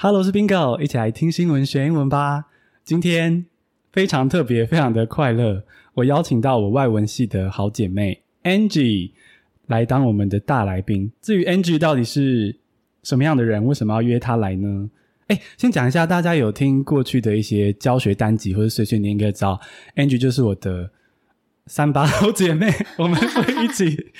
Hello，我是 Bingo，一起來聽新聞學英文吧。今天非常特別，非常的快樂。我邀請到我外文系的好姐妹 Angie 來當我們的大來賓。至於 Angie 到底是什麼樣的人，為什麼要約她來呢？哎，先講一下，大家有聽過去的一些教學單集，或者碎碎念應該知道，Angie 就是我的三八好姐妹。 我們會一起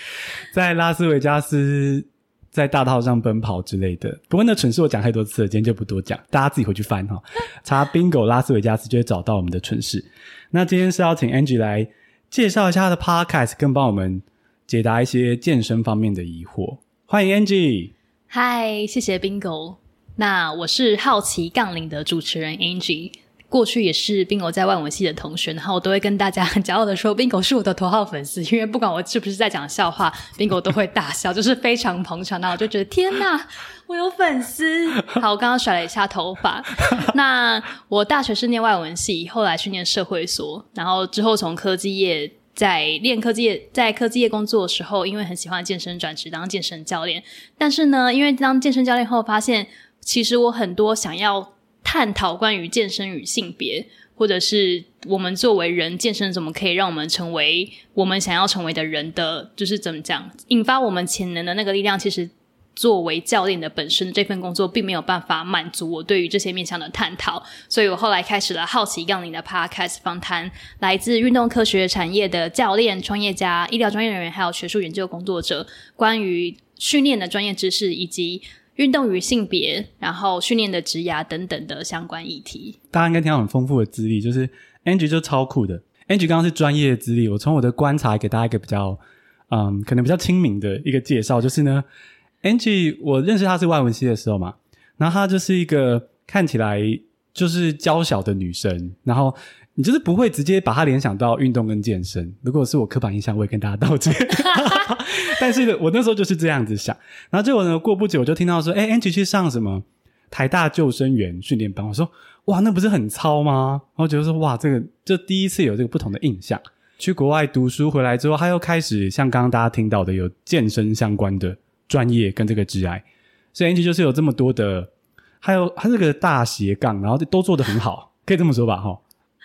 在拉斯維加斯。在大道上奔跑之類的，不過那蠢事我講太多次了，今天就不多講，大家自己回去翻哈、哦。查 Bingo 拉斯維加斯就會找到我們的蠢事。那今天是要請 Angie 來介紹一下她的 podcast，更幫我們解答一些健身方面的疑惑。歡迎 Angie，嗨，Hi, 謝謝 Bingo。那我是好奇槓鈴的主持人 Angie。過去也是 Bingo 在外文系的同學，然後我都會跟大家很驕傲的說 Bingo 是我的頭號粉絲，因為不管我是不是在講笑話，Bingo 都會大笑，就是非常捧場。那 我就覺得天哪，我有粉絲！好，我剛剛甩了一下頭髮。 那我大學是念外文系，後來去念社會所，然後之後從科技業在練科技業，在科技業工作的時候，因為很喜歡健身，轉職當健身教練。但是呢，因為當健身教練後，發現其實我很多想要。探討關於健身與性別，或者是我們作為人健身怎麼可以讓我們成為我們想要成為的人的，就是怎麼講引發我們潛能的那個力量。其實，作為教練的本身，這份工作並沒有辦法滿足我對於這些面向的探討，所以我後來開始了好奇槓鈴的 podcast 訪談，來自運動科學產業的教練、創業家、醫療專業人員，還有學術研究工作者，關於訓練的專業知識以及。運動與性別，然後訓練的職涯等等的相關議題，大家應該聽到很豐富的資歷，就是 Angie 就超酷的。Angie 剛剛是專業的資歷，我從我的觀察給大家一個比較，嗯，可能比較親民的一個介紹，就是呢，Angie 我認識她是外文系的時候嘛，然後她就是一個看起來就是嬌小的女生，然後。你就是不會直接把它聯想到運動跟健身。如果是我刻板印象，我也跟大家道歉。 但是呢，我那時候就是這樣子想。然後最後呢，過不久我就聽到說，哎、欸，Angie 去上什麼台大救生員訓練班。我說，哇，那不是很操嗎？然後我覺得說，哇，這個這第一次有這個不同的印象。去國外讀書回來之後，他又開始像剛剛大家聽到的，有健身相關的專業跟這個致癌。所以，Angie 就是有這麼多的，還有他這個大斜槓，然後都做得很好，可以這麼說吧？哈。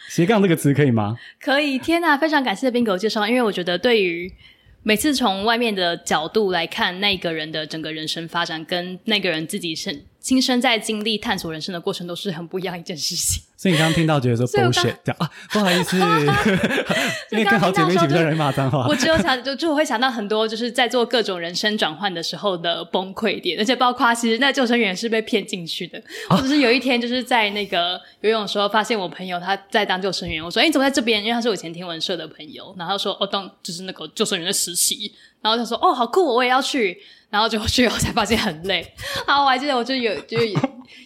斜槓這個詞可以嗎？可以，天哪，非常感謝的賓狗介紹，因為我覺得對於每次從外面的角度來看那個人的整個人生發展，跟那個人自己是。親身在經歷探索人生的過程，都是很不一樣一件事情。所以你剛剛聽到覺得說 bullshit 這樣啊，不好意思，因為 跟好姐妹幾個人罵髒話， 我只有想就就我會想到很多就是在做各種人生轉換的時候的崩潰點， 而且包括其實那救生員是被騙進去的。我只、啊、是有一天就是在那個游泳的時候，發現我朋友他在當救生員，我說：“哎、欸，你怎麼在這邊？”因為他是我以前天文社的朋友，然後他說：“我、哦、當就是那個救生員的實習。”然後他說：“哦，好酷，我也要去。”然後就去後,後才發現很累。然後，我還記得，我就有就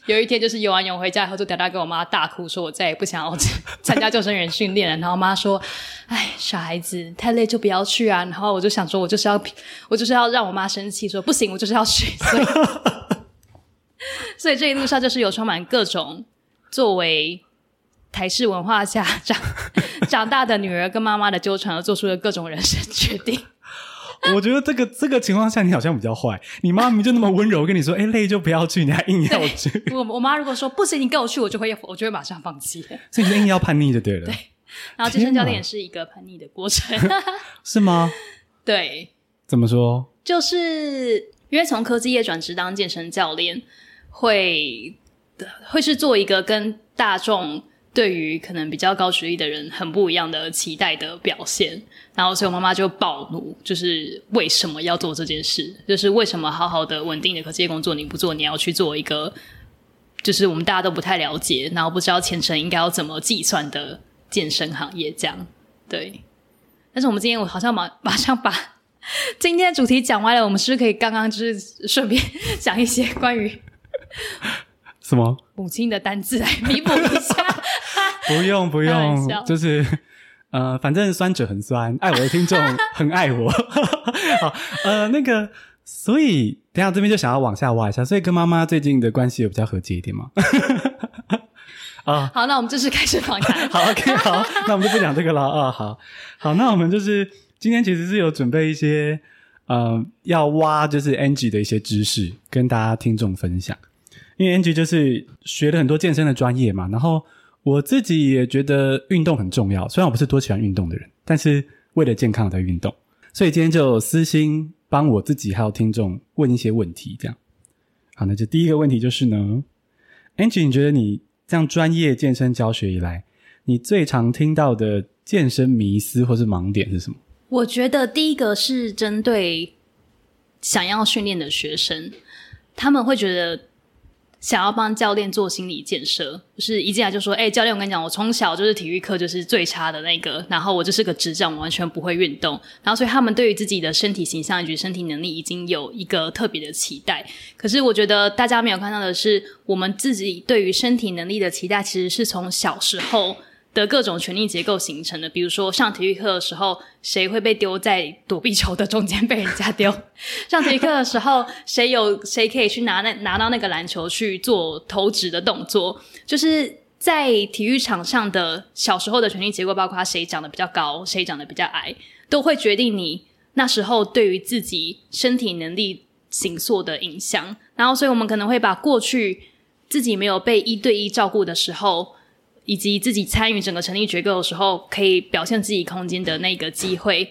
有一天，就是游完泳回家以後，就嗲嗲跟我媽大哭，說我再也不想要參參加救生員訓練了。 然後媽說：“哎，小孩子太累就不要去啊。”然後我就想說，我就是要我就是要讓我媽生氣，說不行，我就是要去。所以， 所以這一路上就是有充滿各種作為台式文化下長長大的女兒跟媽媽的糾纏而做出的各種人生決定。 我覺得這個這個情況下，你好像比較壞。你媽咪就那麼溫柔跟你說：“哎、欸，累就不要去。”你還硬要去。我我媽如果說不行，你跟我去，我就會，我就會馬上放棄。所以你是硬要叛逆就對了。對，然後健身教練也是一個叛逆的過程。天哪 是嗎？對。怎麼說？就是因為從科技業轉職當健身教練，會會是做一個跟大眾。對於可能比較高學歷的人很不一樣的期待的表現，然後所以我媽媽就暴怒，就是為什麼要做這件事？就是為什麼好好的穩定的科技工作你不做，你要去做一個就是我們大家都不太了解，然後不知道前程應該要怎麼計算的健身行業？這樣對。但是我們今天我好像馬馬上把今天的主題講完了，我們是不是可以剛剛就是順便講一些關於什麼母親的單字來彌補一下麼？ 不用不用，不用就是，呃，反正酸者很酸，愛我的聽眾很愛我。 好，呃，那個，所以等一下這邊就想要往下挖一下，所以跟媽媽最近的關係有比較和解一點嗎？ 啊，好，那我們就是開始訪談，談。 好，OK，好，那我們就不講這個了。啊、哦，好，好， 好，那我們就是今天其實是有準備一些，呃，要挖就是 Angie 的一些知識跟大家聽眾分享，因為 Angie 就是學了很多健身的專業嘛，然後。我自己也覺得運動很重要，雖然我不是多喜歡運動的人，但是為了健康才運動，所以今天就私心幫我自己還有聽眾問一些問題，這樣。好，那就第一個問題就是呢，Angie，你覺得你這樣專業健身教學以來，你最常聽到的健身迷思或是盲點是什麼？我覺得第一個是針對想要訓練的學生，他們會覺得。想要幫教練做心理建設，就是一進來就說：“哎，教練，我跟你講，我從小就是體育課就是最差的那個，然後我就是個智障，我完全不會運動。”然後，所以他們對於自己的身體形象以及身體能力已經有一個特別的期待。可是，我覺得大家沒有看到的是，我們自己對於身體能力的期待，其實是從小時候。的各種權力結構形成的，比如說上體育課的時候，誰會被丟在躲避球的中間被人家丟； 上體育課的時候，誰有誰可以去拿那拿到那個籃球去做投擲的動作，就是在體育場上的小時候的權力結構，包括他誰長得比較高，誰長得比較矮，都會決定你那時候對於自己身體能力形塑的影響。然後，所以我們可能會把過去自己沒有被一對一照顧的時候。以及自己參與整個成立結構的時候，可以表現自己空間的那個機會，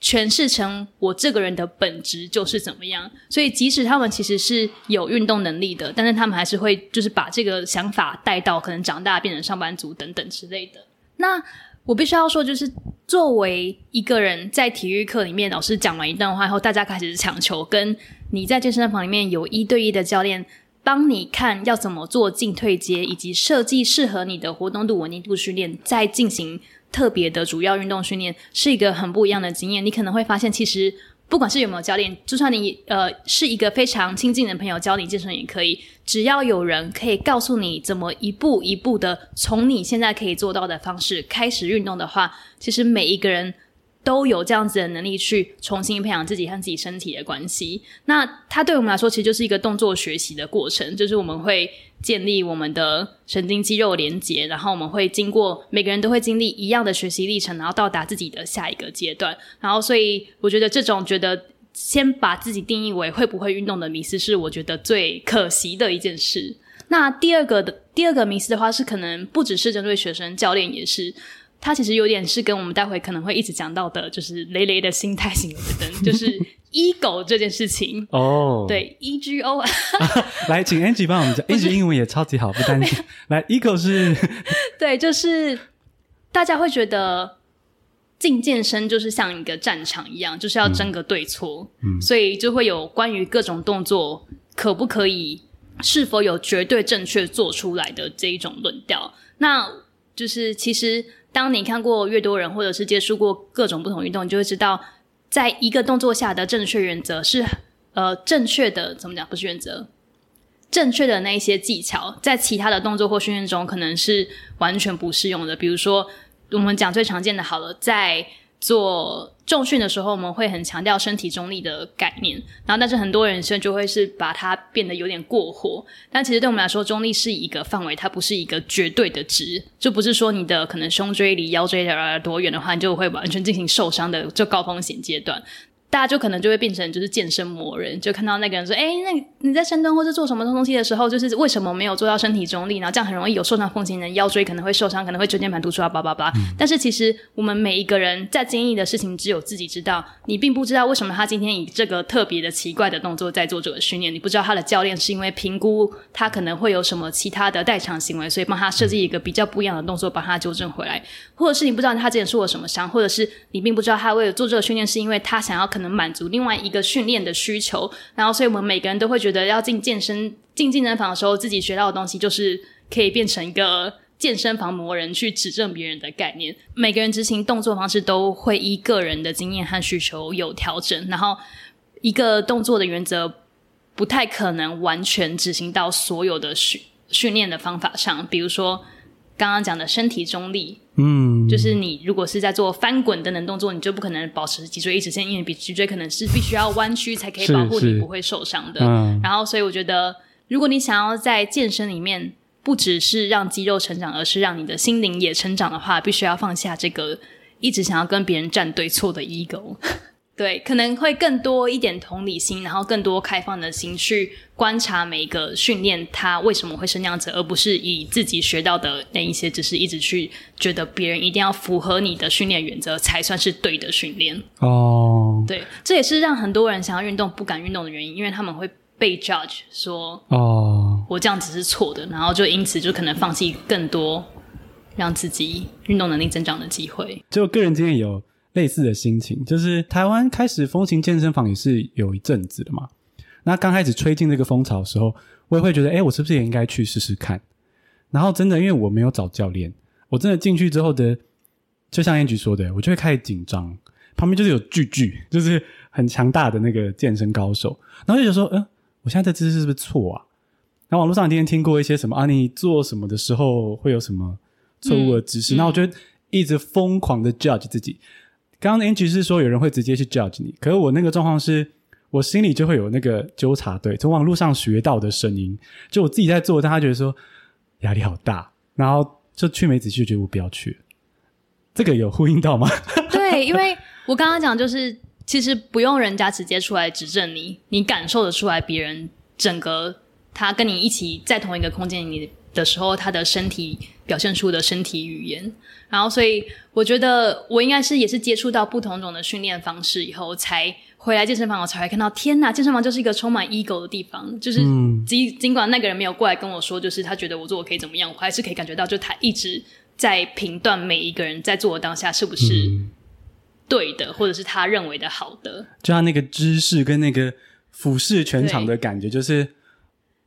詮釋成我這個人的本質就是怎麼樣。所以即使他們其實是有運動能力的，但是他們還是會就是把這個想法帶到可能長大變成上班族等等之類的。那我必須要說，就是作為一個人在體育課裡面，老師講完一段話以後，大家開始搶球，跟你在健身房裡面有一對一的教練。幫你看要怎麼做進退階，以及設計適合你的活動度、穩定度訓練，再進行特別的主要運動訓練，是一個很不一樣的經驗。你可能會發現，其實不管是有沒有教練，就算你呃是一個非常親近的朋友教你健身也可以，只要有人可以告訴你怎麼一步一步的從你現在可以做到的方式開始運動的話，其實每一個人。都有這樣子的能力去重新培養自己和自己身體的關係。那它對我們來說，其實就是一個動作學習的過程，就是我們會建立我們的神經肌肉連接，然後我們會經過每個人都會經歷一樣的學習歷程，然後到達自己的下一個階段。然後，所以我覺得這種覺得先把自己定義為會不會運動的迷思，是我覺得最可惜的一件事。那第二個的第二個迷思的話，是可能不只是針對學生，教練也是。它其實有點是跟我們待會可能會一直講到的，就是雷雷的心態型 就是 ego 這件事情哦。 對、oh.，ego、 啊、來，請 Angie 幫我們講，Angie 是英文也超級好，不擔心。有來，ego 是， 對，就是大家會覺得進健身就是像一個戰場一樣，就是要爭個對錯、嗯，嗯，所以就會有關於各種動作可不可以，是否有絕對正確做出來的這一種論調。那就是其實，當你看過越多人，或者是接觸過各種不同運動，你就會知道，在一個動作下的正確原則是，呃，正確的怎麼講？不是原則，正確的那一些技巧，在其他的動作或訓練中可能是完全不適用的。比如說，我們講最常見的好了，在做，重訓的時候，我們會很強調身體中立的概念，然後但是很多人生就會是把它變得有點過火。但其實對我們來說，中立是一個範圍，它不是一個絕對的值，就不是說你的可能胸椎離腰椎的多遠的話，你就會完全進行受傷的就高風險階段。大家就可能就會變成就是健身魔人，就看到那個人說：“哎、欸，那你在深蹲或者做什麼東東西的時候，就是為什麼沒有做到身體中立？然後這樣很容易有受傷風險，你的腰椎可能會受傷，可能會椎間盤突出啊，叭叭叭。嗯”但是其實我們每一個人在經歷的事情只有自己知道，你並不知道為什麼他今天以這個特別的奇怪的動作在做這個訓練，你不知道他的教練是因為評估他可能會有什麼其他的代償行為，所以幫他設計一個比較不一樣的動作幫他糾正回來，或者是你不知道他之前受了什麼傷，或者是你並不知道他為了做這個訓練是因為他想要。能滿足另外一個訓練的需求，然後，所以我們每個人都會覺得要進健身、進健身房的時候，自己學到的東西就是可以變成一個健身房魔人去指正別人的概念。每個人執行動作方式都會依個人的經驗和需求有調整，然後一個動作的原則不太可能完全執行到所有的訓訓練的方法上，比如說，剛剛講的身體中立，嗯，就是你如果是在做翻滾等等動作，你就不可能保持脊椎一直線，因為脊椎可能是必須要彎曲才可以保護你不會受傷的。是是，嗯，然後，所以我覺得，如果你想要在健身裡面不只是讓肌肉成長，而是讓你的心靈也成長的話，必須要放下這個一直想要跟別人站對錯的 ego。對，可能會更多一點同理心，然後更多開放的心去觀察每一個訓練，它為什麼會是那樣子，而不是以自己學到的那一些知識，只是一直去覺得別人一定要符合你的訓練原則才算是對的訓練。哦，oh. 對，這也是讓很多人想要運動不敢運動的原因，因為他們會被 judge 說哦，oh. 我這樣子是錯的，然後就因此就可能放棄更多讓自己運動能力增長的機會。就個人經驗有類似的心情，就是台灣開始風行健身房也是有一陣子的嘛。那剛開始吹進這個風潮的時候，我也會覺得，哎、欸，我是不是也應該去試試看？然後真的，因為我沒有找教練，我真的進去之後的，就像 Angie 說的，我就會開始緊張。旁邊就是有巨巨，就是很強大的那個健身高手，然後就覺得說，嗯，我現在的姿勢是不是錯啊？然後網絡上天天聽過一些什麼，啊，你做什麼的時候會有什麼錯誤的姿勢，嗯、然後我就一直瘋狂的 judge 自己。剛剛的 Angie 是說有人會直接去 judge 你，可是我那個狀況是，我心裡就會有那個糾察隊，從網絡上學到的聲音，就我自己在做，但他覺得說壓力好大，然後就去沒仔細就覺得我不要去，這個有呼應到嗎？ 對，因為我剛剛講就是，其實不用人家直接出來指正你，你感受得出來別人整個他跟你一起在同一個空間裡，你。的時候，他的身體表現出的身體語言，然後所以我覺得我應該是也是接觸到不同種的訓練方式以後，才回來健身房，我才會看到，天哪，健身房就是一個充滿 ego 的地方，就是盡、嗯、盡管那個人沒有過來跟我說，就是他覺得我做我可以怎麼樣，我還是可以感覺到，就他一直在評斷每一個人在做的當下是不是對的，或者是他認為的好的，就像那個姿勢跟那個俯視全場的感覺，就是。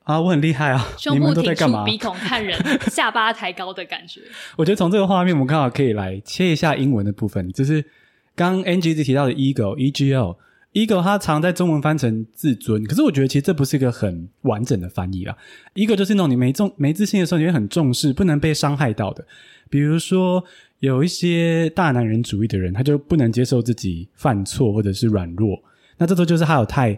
啊，我很厲害啊！你們都在幹嘛？鼻孔看人，下巴抬高的感覺。 我覺得從這個畫面，我們剛好可以來切一下英文的部分。就是剛 Angie 一直提到的 ego，E G L ego，e GL, e 它常在中文翻成自尊。可是我覺得其實這不是一個很完整的翻譯啊。ego 就是那種你沒中沒自信的時候，你會很重視，不能被傷害到的。比如說，有一些大男人主義的人，他就不能接受自己犯錯或者是軟弱。那這都就是他有太。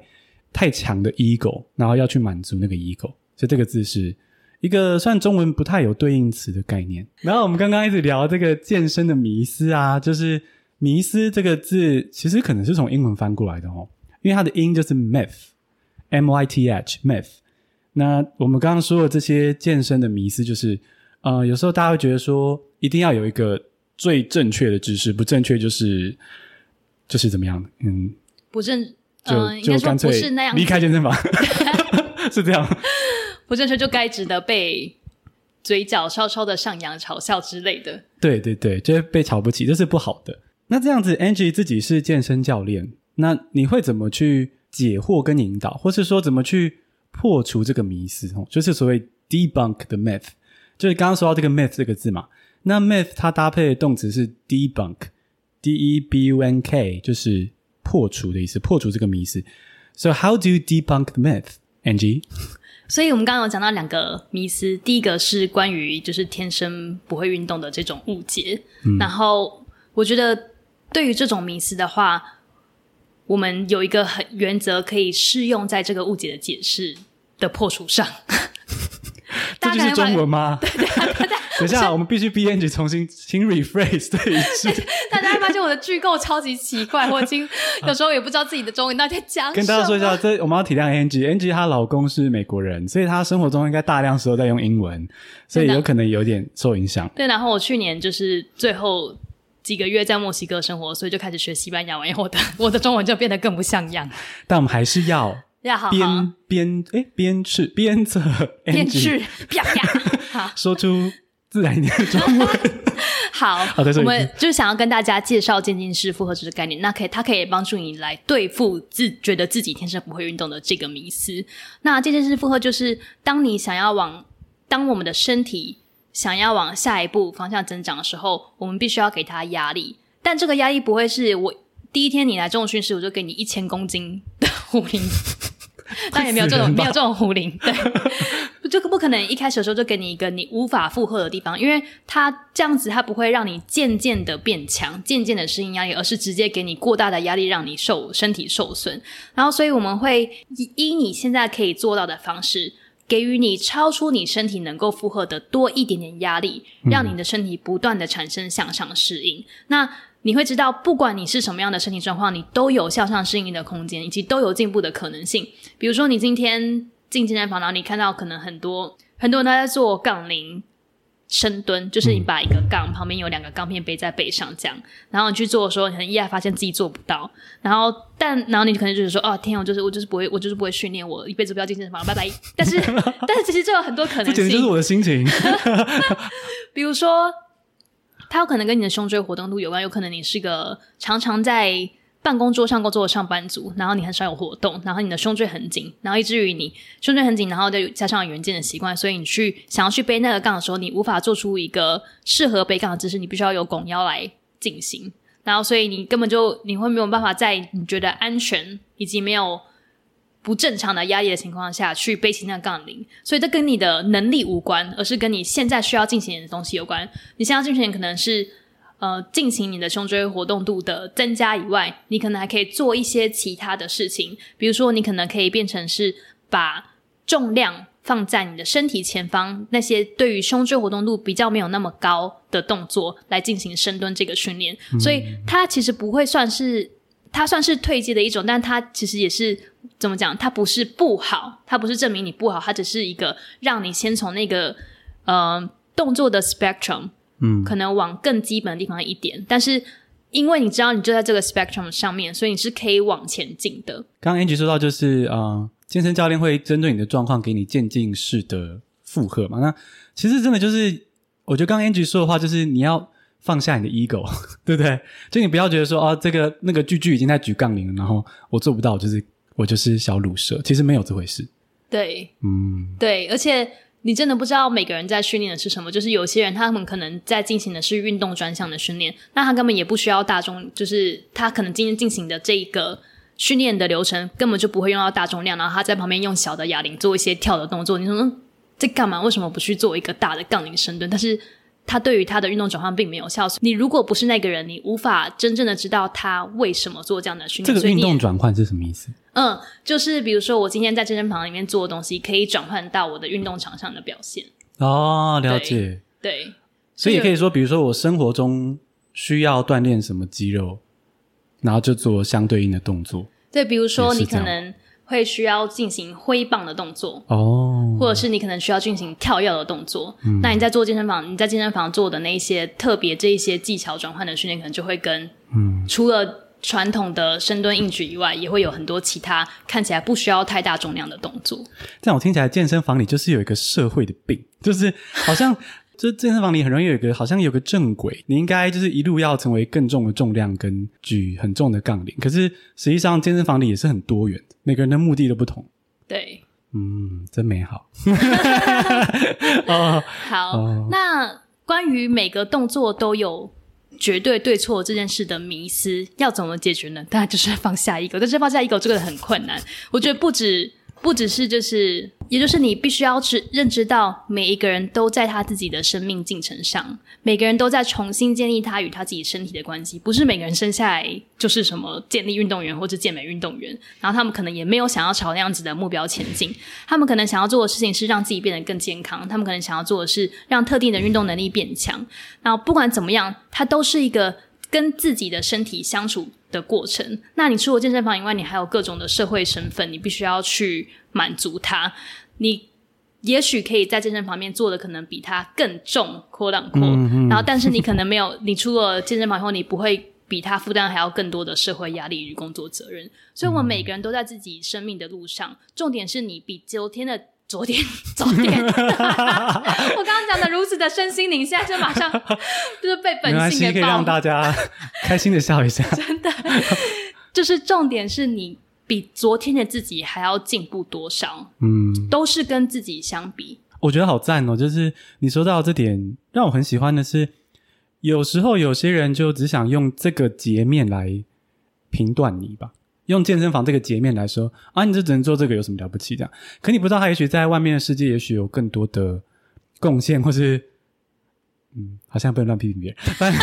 太強的 ego，然後要去滿足那個 ego，所以這個字是一個算中文不太有對應詞的概念。然後我們剛剛一直聊這個健身的迷思啊，就是迷思這個字其實可能是從英文翻過來的哦，因為它的音就是 myth，M Y T H，myth。那我們剛剛說的這些健身的迷思，就是呃，有時候大家會覺得說一定要有一個最正確的知識，不正確就是就是怎麼樣的？嗯，不正。就、嗯、就乾乾脆，應該說不是那樣子，離開健身房， 是這樣。不正確就該值得被嘴角稍稍的上揚嘲笑之類的。對對對，就是被瞧不起，這是不好的。那這樣子，Angie 自己是健身教練，那你會怎麼去解惑跟引導，或是說怎麼去破除這個迷思？哦，就是所謂 debunk the myth，就是剛剛說到這個 myth 這個字嘛。那 myth 它搭配的動詞是 debunk，D-E-B-U-N-K，就是。破除的意思，破除這個迷思。So, how do you debunk the myth, Angie？所以我們剛剛有講到兩個迷思，第一個是關於就是天生不會運動的這種誤解。嗯、然後我覺得對於這種迷思的話，我們有一個很原則可以適用在這個誤解的解釋的破除上。 這就是中文嗎？ 對對對。等一下，我，想我們必須 Angie 重新，重新 rephrase 這一句，欸。大家會發現我的句構超級奇怪， 我已經，有時候也不知道自己的中文到底在講什麼。跟大家說一下，這我們要體諒 Angie，Angie 她老公是美國人，所以她生活中應該大量的時候在用英文，的所以有可能有點受影響。對，然後我去年就是最後幾個月在墨西哥生活，所以就開始學西班牙文，然後我的我的中文就變得更不像樣。但我們還是要要好，好，邊邊哎邊去邊着邊去啪啪說出。自然一點就好。好，以我們就是想要跟大家介紹漸進式負荷這個概念。那可以，它可以幫助你來對付自覺得自己天生不會運動的這個迷思。那漸進式負荷就是，當你想要往，當我們的身體想要往下一步方向增長的時候，我們必須要給他壓力。但這個壓力不會是我第一天你來重訓時我就給你一千公斤的壺鈴， 但也沒有這種沒有這種壺鈴，對。 不，這個不可能。一開始的時候就給你一個你無法負荷的地方，因為它這樣子，它不會讓你漸漸的變強，漸漸的適應壓力，而是直接給你過大的壓力，讓你受身體受損。然後，所以我們會依你現在可以做到的方式，給予你超出你身體能夠負荷的多一點點壓力，讓你的身體不斷的產生向上適應。嗯、那你會知道，不管你是什麼樣的身體狀況，你都有向上適應的空間，以及都有進步的可能性。比如說，你今天，進健身房，然後你看到可能很多很多人他在做槓鈴深蹲，就是你把一個槓旁邊有兩個槓片背在背上這樣，然後你去做的時候，你很意外發現自己做不到，然後但然後你可能就是說，哦，啊，天啊，我就是我就是不會，我就是不會訓練，我一輩子不要進健身房，拜拜。 但是但是其實這有很多可能。這簡直就是我的心情。 比如說，它有可能跟你的胸椎活動度有關，有可能你是一個常常在。辦公桌上工作的上班族，然後你很少有活動，然後你的胸椎很緊，然後以至於你胸椎很緊，然後再加上了圓肩的習慣，所以你去想要去背那個槓的時候，你無法做出一個適合背槓的姿勢，你必須要有拱腰來進行，然後所以你根本就你會沒有辦法在你覺得安全以及沒有不正常的壓力的情況下去背起那個槓鈴，所以這跟你的能力無關，而是跟你現在需要進行的東西有關，你現在進行的可能是。呃，進行你的胸椎活動度的增加以外，你可能還可以做一些其他的事情，比如說你可能可以變成是把重量放在你的身體前方，那些對於胸椎活動度比較沒有那麼高的動作來進行深蹲這個訓練，嗯、所以它其實不會算是它算是退階的一種，但它其實也是怎麼講？它不是不好，它不是證明你不好，它只是一個讓你先從那個呃動作的 spectrum。嗯，可能往更基本的地方一點，但是因為你知道你就在這個 spectrum 上面，所以你是可以往前進的。剛剛 Angie 說到，就是呃，健身教練會針對你的狀況給你漸進式的負荷嘛？那其實真的就是，我覺得剛剛 Angie 說的話，就是你要放下你的 ego，對不對？就你不要覺得說，哦、啊，這個那個巨巨已經在舉槓鈴了，然後我做不到，就是我就是小魯蛇。其實沒有這回事。對，嗯，對，而且。你真的不知道每個人在訓練的是什麼，就是有些人他們可能在進行的是運動專項的訓練，那他根本也不需要大重，就是他可能今天進行的這一個訓練的流程根本就不會用到大重量，然後他在旁邊用小的啞鈴做一些跳的動作，你說、嗯、在幹嘛？為什麼不去做一個大的槓鈴深蹲？但是他對於他的運動轉換並沒有效。你如果不是那個人，你無法真正的知道他為什麼做這樣的訓練。這個運動轉換是什麼意思？嗯，就是比如說，我今天在健身房裡面做的東西，可以轉換到我的運動場上的表現。哦，了解。對，對，所以也可以說，比如說我生活中需要鍛鍊什麼肌肉，然後就做相對應的動作。對，比如說你可能會需要進行揮棒的動作，哦，或者是你可能需要進行跳躍的動作。嗯。那你在做健身房，你在健身房做的那一些特別這一些技巧轉換的訓練，可能就會跟嗯，除了。傳統的深蹲硬舉以外，也會有很多其他看起來不需要太大重量的動作。這樣我聽起來，健身房裡就是有一個社會的病，就是好像這 健身房裡很容易有一個好像有個正軌，你應該就是一路要成為更重的重量，跟舉很重的槓鈴。可是實際上，健身房裡也是很多元的，每個人的目的都不同。對，嗯，真美好。 哦，好。哦、那關於每個動作都有。絕對對錯這件事的迷思要怎麼解決呢？當然就是放下 ego，但是放下 ego 這個很困難。我覺得不止。 不只是就是，也就是你必須要認知到，每一個人都在他自己的生命進程上，每個人都在重新建立他與他自己身體的關係。不是每個人生下來就是什麼健力運動員或者健美運動員，然後他們可能也沒有想要朝那樣子的目標前進。他們可能想要做的事情是讓自己變得更健康，他們可能想要做的是讓特定的運動能力變強。然後不管怎麼樣，他都是一個跟自己的身體相處的過程，那你除了健身房以外，你還有各種的社會身份，你必須要去滿足它。你也許可以在健身房裡面做的可能比他更重、擴張、mm、擴、hmm.，然後但是你可能沒有， 你出了健身房以後，你不會比他負擔還要更多的社會壓力與工作責任。所以我們每個人都在自己生命的路上，重點是你比昨天的。昨天、昨天， 我剛剛講的如此的身心靈， 現在就馬上就是被本性給爆。沒關係，可以讓大家開心的笑一下。 真的，就是重點是你比昨天的自己還要進步多少？嗯，都是跟自己相比。我覺得好讚哦！就是你說到這點，讓我很喜歡的是，有時候有些人就只想用這個截面來評斷你吧。用健身房這個截面來說啊，你就只能做這個，有什麼了不起的？可你不知道他也許在外面的世界，也許有更多的貢獻，或是嗯，好像不能亂批評別人，反正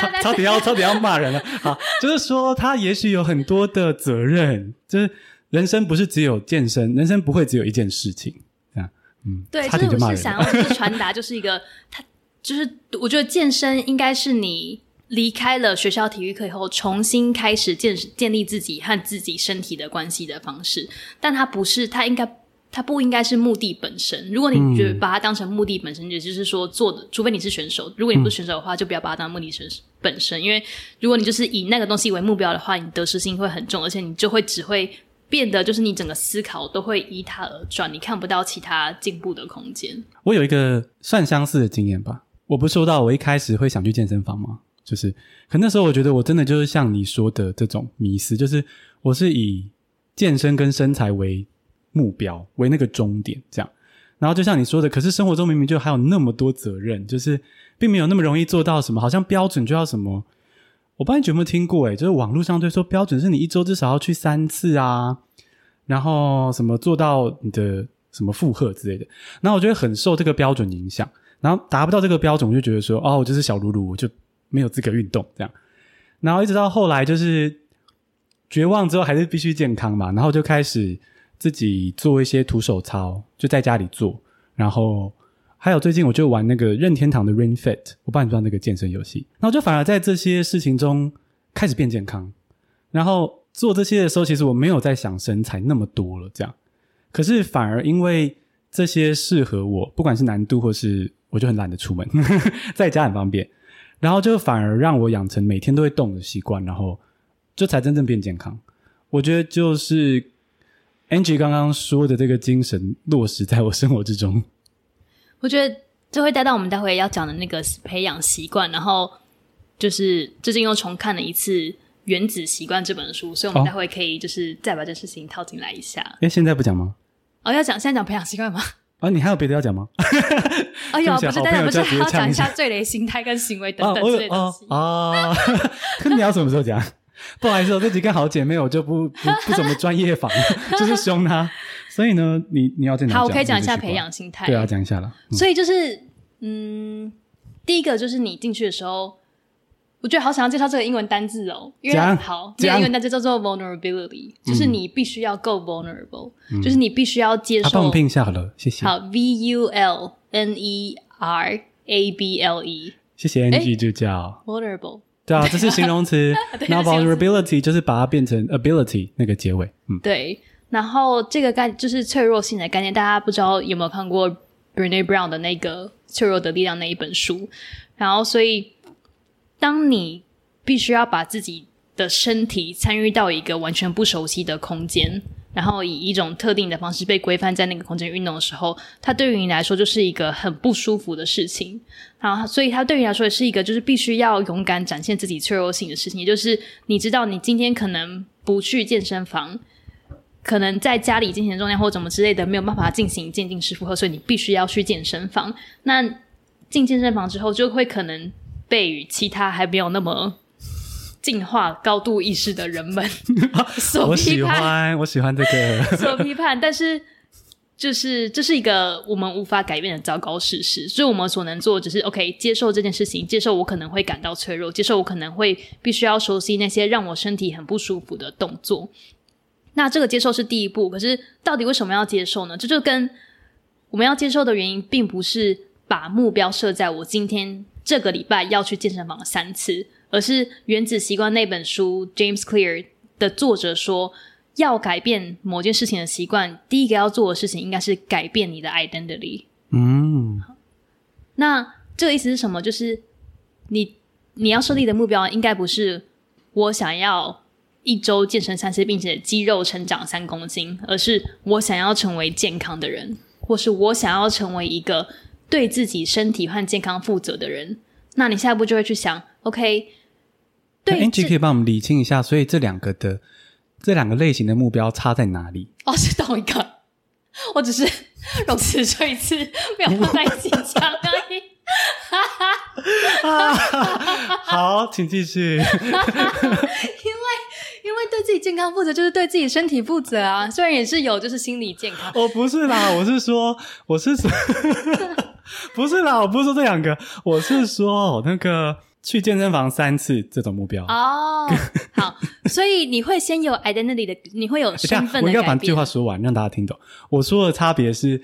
超超屌，超屌要罵人了。好，就是說他也許有很多的責任，就是人生不是只有健身，人生不會只有一件事情。這樣，嗯，對，他就是，是想，要是傳達，就是一個他，就是我覺得健身應該是你。離開了學校體育課以後，重新開始建建立自己和自己身體的關係的方式，但他不是，他應該，他不應該是目的本身。如果你覺得把它當成目的本身，嗯、也就是說做的，除非你是選手，如果你不是選手的話，就不要把它當目的本身。本身、嗯，因為如果你就是以那個東西為目標的話，你得失心會很重，而且你就會只會變得就是你整個思考都會依他而轉，你看不到其他進步的空間。我有一個算相似的經驗吧，我不是說到我一開始會想去健身房嗎？就是，可那時候我覺得我真的就是像你說的這種迷思，就是我是以健身跟身材為目標，為那個終點這樣。然後就像你說的，可是生活中明明就還有那麼多責任，就是並沒有那麼容易做到什麼，好像標準就要什麼。我不知道你覺得有沒有聽過、欸，誒，就是網絡上對說標準是你一周至少要去三次啊，然後什麼做到你的什麼負荷之類的。然後我覺得很受這個標準影響，然後達不到這個標準，我就覺得說，哦，我就是小魯魯，我就。沒有資格運動這樣，然後一直到後來就是絕望之後，還是必須健康嘛，然後就開始自己做一些徒手操，就在家裡做。然後還有最近我就玩那個任天堂的 Ring Fit，我不知道你玩那個健身遊戲。然後就反而在這些事情中開始變健康。然後做這些的時候，其實我沒有在想身材那麼多了，這樣。可是反而因為這些適合我，不管是難度或是，我就很懶得出門， 在家很方便。然後就反而讓我養成每天都會動的習慣，然後這才真正變健康。我覺得就是 Angie 剛剛說的這個精神落實在我生活之中。我覺得這會帶到我們待會要講的那個培養習慣，然後就是最近又重看了一次《原子習慣》這本書，所以我們待會可以就是再把這事情套進來一下。哎、哦，現在不講嗎？哦，要講，現在講培養習慣嗎？啊，你還有別的要講嗎？哎呦，不是，但是，不是，要講一下最雷心態跟行為等等哦，這些東西。啊，那你要什麼時候講？不好意思，我這幾個好姐妹我就不不不怎麼專業法，就是凶她。所以呢，你你要在哪？好，我可以講一下培養心態。對啊，講一下了。所以就是，嗯，第一個就是你進去的時候。我覺得好想要介紹這個英文單字哦，因為好，這個英文單字叫做 vulnerability，就是你必須要夠 vulnerable，、嗯、就是你必須要接受。嗯啊、幫我拼一下好了，謝謝。好，v u l n e r a b l e，謝謝。NG 就叫、欸、vulnerable，對啊，對啊，這是形容詞。那 vulnerability 就是把它變成 ability 那個結尾。嗯，對。然後這個概就是脆弱性的概念，大家不知道有沒有看過 Brene Brown 的那個《脆弱的力量》那一本書，然後所以。當你必須要把自己的身體參與到一個完全不熟悉的空間，然後以一種特定的方式被規範在那個空間運動的時候，它對於你來說就是一個很不舒服的事情。然後所以它對於你來說也是一個就是必須要勇敢展現自己脆弱性的事情。也就是你知道，你今天可能不去健身房，可能在家裡進行重量或怎麼之類的沒有辦法進行漸進式負荷，所以你必須要去健身房。那進健身房之後，就會可能。被與其他還沒有那麼進化、高度意識的人們所批判，我喜歡，我喜歡這個所批判。但是，就是這是一個我們無法改變的糟糕事實，所以我們所能做的只是 OK，接受這件事情，接受我可能會感到脆弱，接受我可能會必須要熟悉那些讓我身體很不舒服的動作。那這個接受是第一步，可是到底為什麼要接受呢？這就跟我們要接受的原因，並不是把目標設在我今天。這個禮拜要去健身房三次，而是《原子習慣》那本書 James Clear 的作者說，要改變某件事情的習慣，第一個要做的事情應該是改變你的 identity。嗯，那這個意思是什麼？就是你你要設立的目標，應該不是我想要一周健身三次，並且肌肉成長三公斤，而是我想要成為健康的人，或是我想要成為一個。對自己身體和健康負責的人，那你下一步就會去想，OK，Angie、okay, 對，Angie 可以幫我們理清一下，所以這兩個的這兩個類型的目標差在哪裡？哦，是同一個，我只是如此說一次，不要放在心上而已。好，請繼續。 因為對自己健康負責，就是對自己身體負責啊。雖然也是有，就是心理健康。 我不是啦，我是說，我是 不是啦？我不是說這兩個，我是說那個去健身房三次這種目標哦。跟好，所以你會先有 identity 你會有身份的。我應該把這句話說完，讓大家聽懂。我說的差別是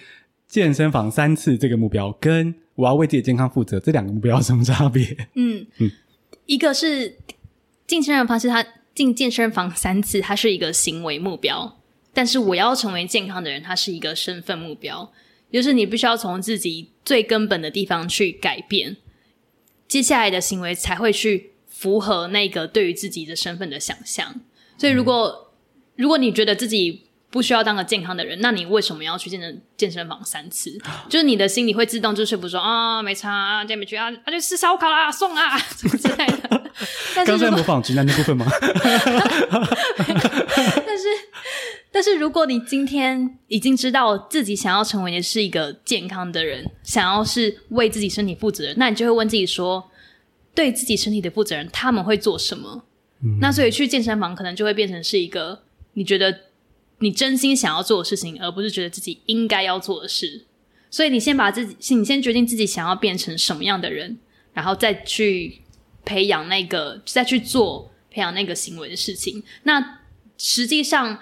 健身房三次這個目標，跟我要為自己健康負責這兩個目標有什麼差別？嗯嗯，嗯一個是健身房，是他。進健身房三次，它是一個行為目標；但是我要成為健康的人，它是一個身份目標。就是你必須要從自己最根本的地方去改變，接下來的行為才會去符合那個對於自己的身份的想象。所以，如果如果你覺得自己，不需要當個健康的人，那你為什麼要去健身健身房三次？ 就是你的心裡會自動就是不說啊、哦，沒差、啊，今天沒去啊，他、啊、就吃燒烤啦、啊，送啊，什麼之類的。 但是剛在模仿直男的部分嗎？ 但是，但是，如果你今天已經知道自己想要成為的是一個健康的人，想要是為自己身體負責人，那你就會問自己說，對自己身體的負責的人，他們會做什麼？嗯、那所以去健身房可能就會變成是一個你覺得。你真心想要做的事情，而不是覺得自己應該要做的事。所以你先把自己，你先決定自己想要變成什麼樣的人，然後再去培養那個，再去做培養那個行為的事情。那實際上，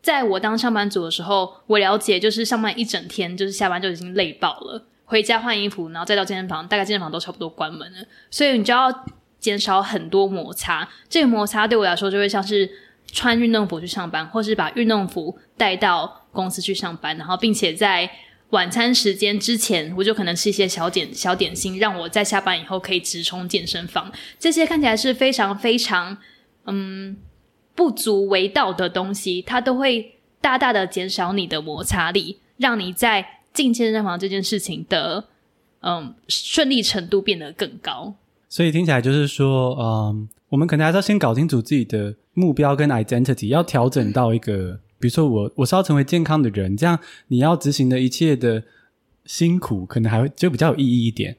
在我當上班族的時候，我了解就是上班一整天，就是下班就已經累爆了。回家換衣服，然後再到健身房，大概健身房都差不多關門了。所以你就要減少很多摩擦。這個摩擦對我來說，就會像是。穿運動服去上班，或是把運動服帶到公司去上班，然後並且在晚餐時間之前，我就可能吃一些小點小點心，讓我在下班以後可以直衝健身房。這些看起來是非常非常嗯，不足為道的東西，它都會大大的減少你的摩擦力，讓你在進健身房這件事情的嗯，順利程度變得更高。所以聽起來就是說，嗯、um。我們可能還是要先搞清楚自己的目標跟 identity，要調整到一個，比如說我我是要成為健康的人，這樣你要執行的一切的辛苦，可能還會就比較有意義一點。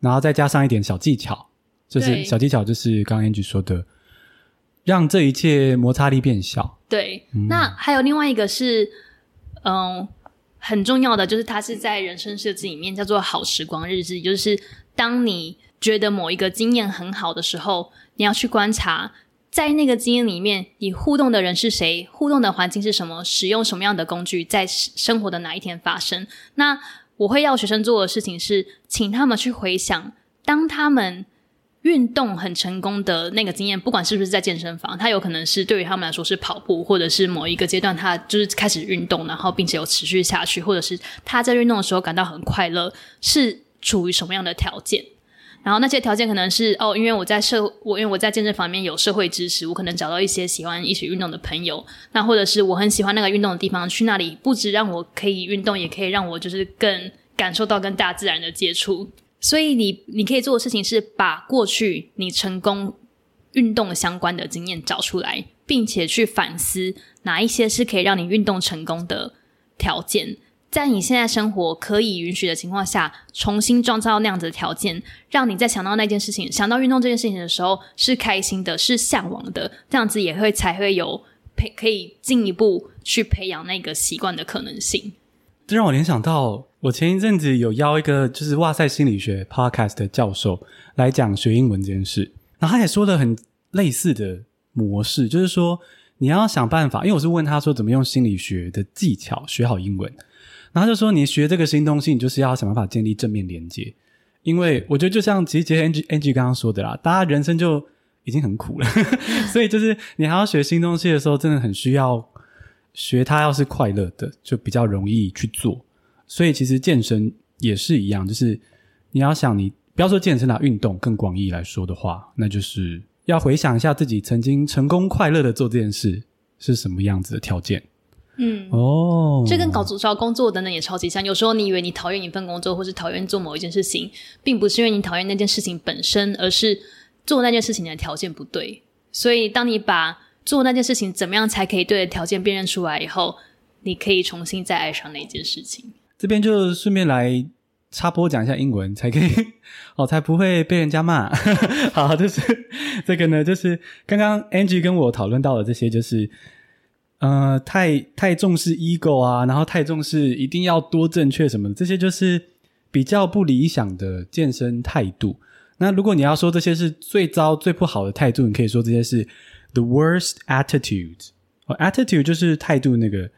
然後再加上一點小技巧，就是對小技巧就是剛剛 Angie 說的，讓這一切摩擦力變小。對，嗯、那還有另外一個是，嗯，很重要的就是它是在人生設計裡面叫做好時光日誌，就是當你。覺得某一個經驗很好的時候，你要去觀察，在那個經驗裡面，你互動的人是誰，互動的環境是什麼，使用什麼樣的工具，在生活的哪一天發生。那我會要學生做的事情是，請他們去回想，當他們運動很成功的那個經驗，不管是不是在健身房，他有可能是對於他們來說是跑步，或者是某一個階段他就是開始運動，然後並且有持續下去，或者是他在運動的時候感到很快樂，是處於什麼樣的條件？然後那些條件可能是哦，因為我在社我因為我在健身房裡面有社會支持，我可能找到一些喜歡一起運動的朋友。那或者是我很喜歡那個運動的地方，去那裡不止讓我可以運動，也可以讓我就是更感受到跟大自然的接觸。所以你你可以做的事情是把過去你成功運動相關的經驗找出來，並且去反思哪一些是可以讓你運動成功的條件。在你現在生活可以允許的情況下，重新創造那樣子的條件，讓你在想到那件事情、想到運動這件事情的時候，是開心的，是嚮往的，這樣子也會才會有培可以進一步去培養那個習慣的可能性。這讓我聯想到，我前一陣子有邀一個就是哇塞心理學 podcast 的教授來講學英文這件事，然後他也說了很類似的模式，就是說你要想辦法，因為我是問他說怎麼用心理學的技巧學好英文。然後就說，你學這個新東西，你就是要想辦法建立正面連接，因為我覺得就像吉吉 NG NG 剛剛說的啦，大家人生就已經很苦了， 所以就是你還要學新東西的時候，真的很需要學它，要是快樂的，就比較容易去做。所以其實健身也是一樣，就是你要想你不要說健身啦、啊，運動更廣義來說的話，那就是要回想一下自己曾經成功快樂的做這件事是什麼樣子的條件。嗯哦，這跟搞吐槽工作等等也超級像。有時候你以為你討厭一份工作，或是討厭做某一件事情，並不是因為你討厭那件事情本身，而是做那件事情的條件不對。所以，當你把做那件事情怎麼樣才可以對的條件辨認出來以後，你可以重新再愛上那件事情。這邊就順便來插播講一下英文，才可以，好、哦，才不會被人家罵。 好,就是這個呢，就是剛剛 Angie 跟我討論到的這些，就是。呃，太太重視 ego 啊，然後太重視一定要多正確什麼的，這些就是比較不理想的健身態度。那如果你要說這些是最糟、最不好的態度，你可以說這些是 the worst attitude。哦，attitude 就是態度，那個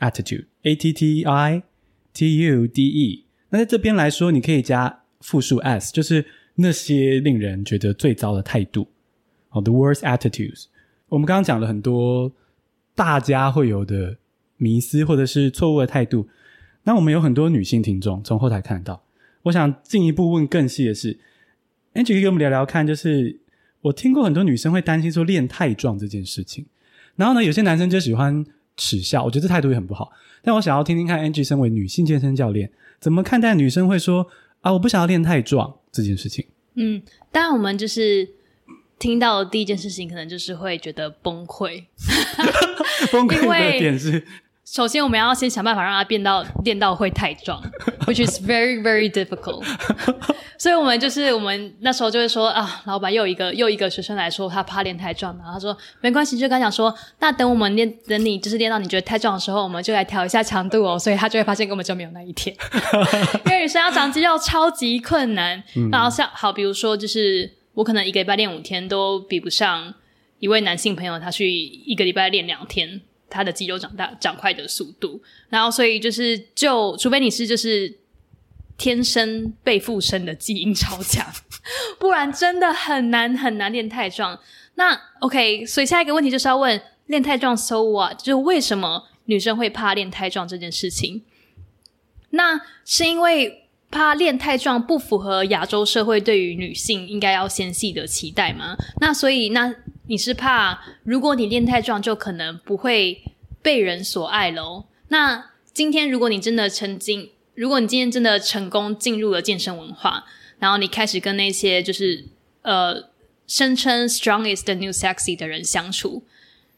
attitude，A-T-T-I-T-U-D-E。那在這邊來說，你可以加複數 s，就是那些令人覺得最糟的態度。哦，the worst attitudes。我們剛剛講了很多。大家會有的迷思或者是錯誤的態度，那我們有很多女性聽眾從後台看到，我想進一步問更細的是，Angie 可以跟我們聊聊看，就是我聽過很多女生會擔心說，練太壯這件事情，然後呢，有些男生就喜歡恥笑，我覺得這態度也很不好。但我想要聽聽看 Angie 身為女性健身教練，怎麼看待女生會說啊，我不想要練太壯這件事情。嗯，當然我們就是。聽到的第一件事情，可能就是會覺得崩潰。崩潰的點是，首先我們要先想辦法讓他變到變到會太壯 ，which is very very difficult。 所以我們就是我們那時候就會說啊，老闆又一個又一個學生來說他怕練太壯嘛，然後他說沒關係，就跟他講說，那等我們練等你就是練到你覺得太壯的時候，我們就來調一下強度哦。所以他就會發現根本就沒有那一天， 因為女生要長肌肉超級困難。然後像、嗯、好，比如說就是。我可能一個禮拜練五天都比不上一位男性朋友，他去一個禮拜練兩天，他的肌肉長大長快的速度。然後所以就是就，就除非你是就是天生被附身的基因超強，不然真的很難很難練太壯。那 OK，所以下一個問題就是要問練太壯 so what，就是為什麼女生會怕練太壯這件事情？那是因為。怕練太壯不符合亞洲社會對於女性應該要纖細的期待嗎？那所以那你是怕如果你練太壯就可能不會被人所愛嘍？那今天如果你真的曾經，如果你今天真的成功進入了健身文化，然後你開始跟那些就是呃聲稱 Strong is the new sexy 的人相處，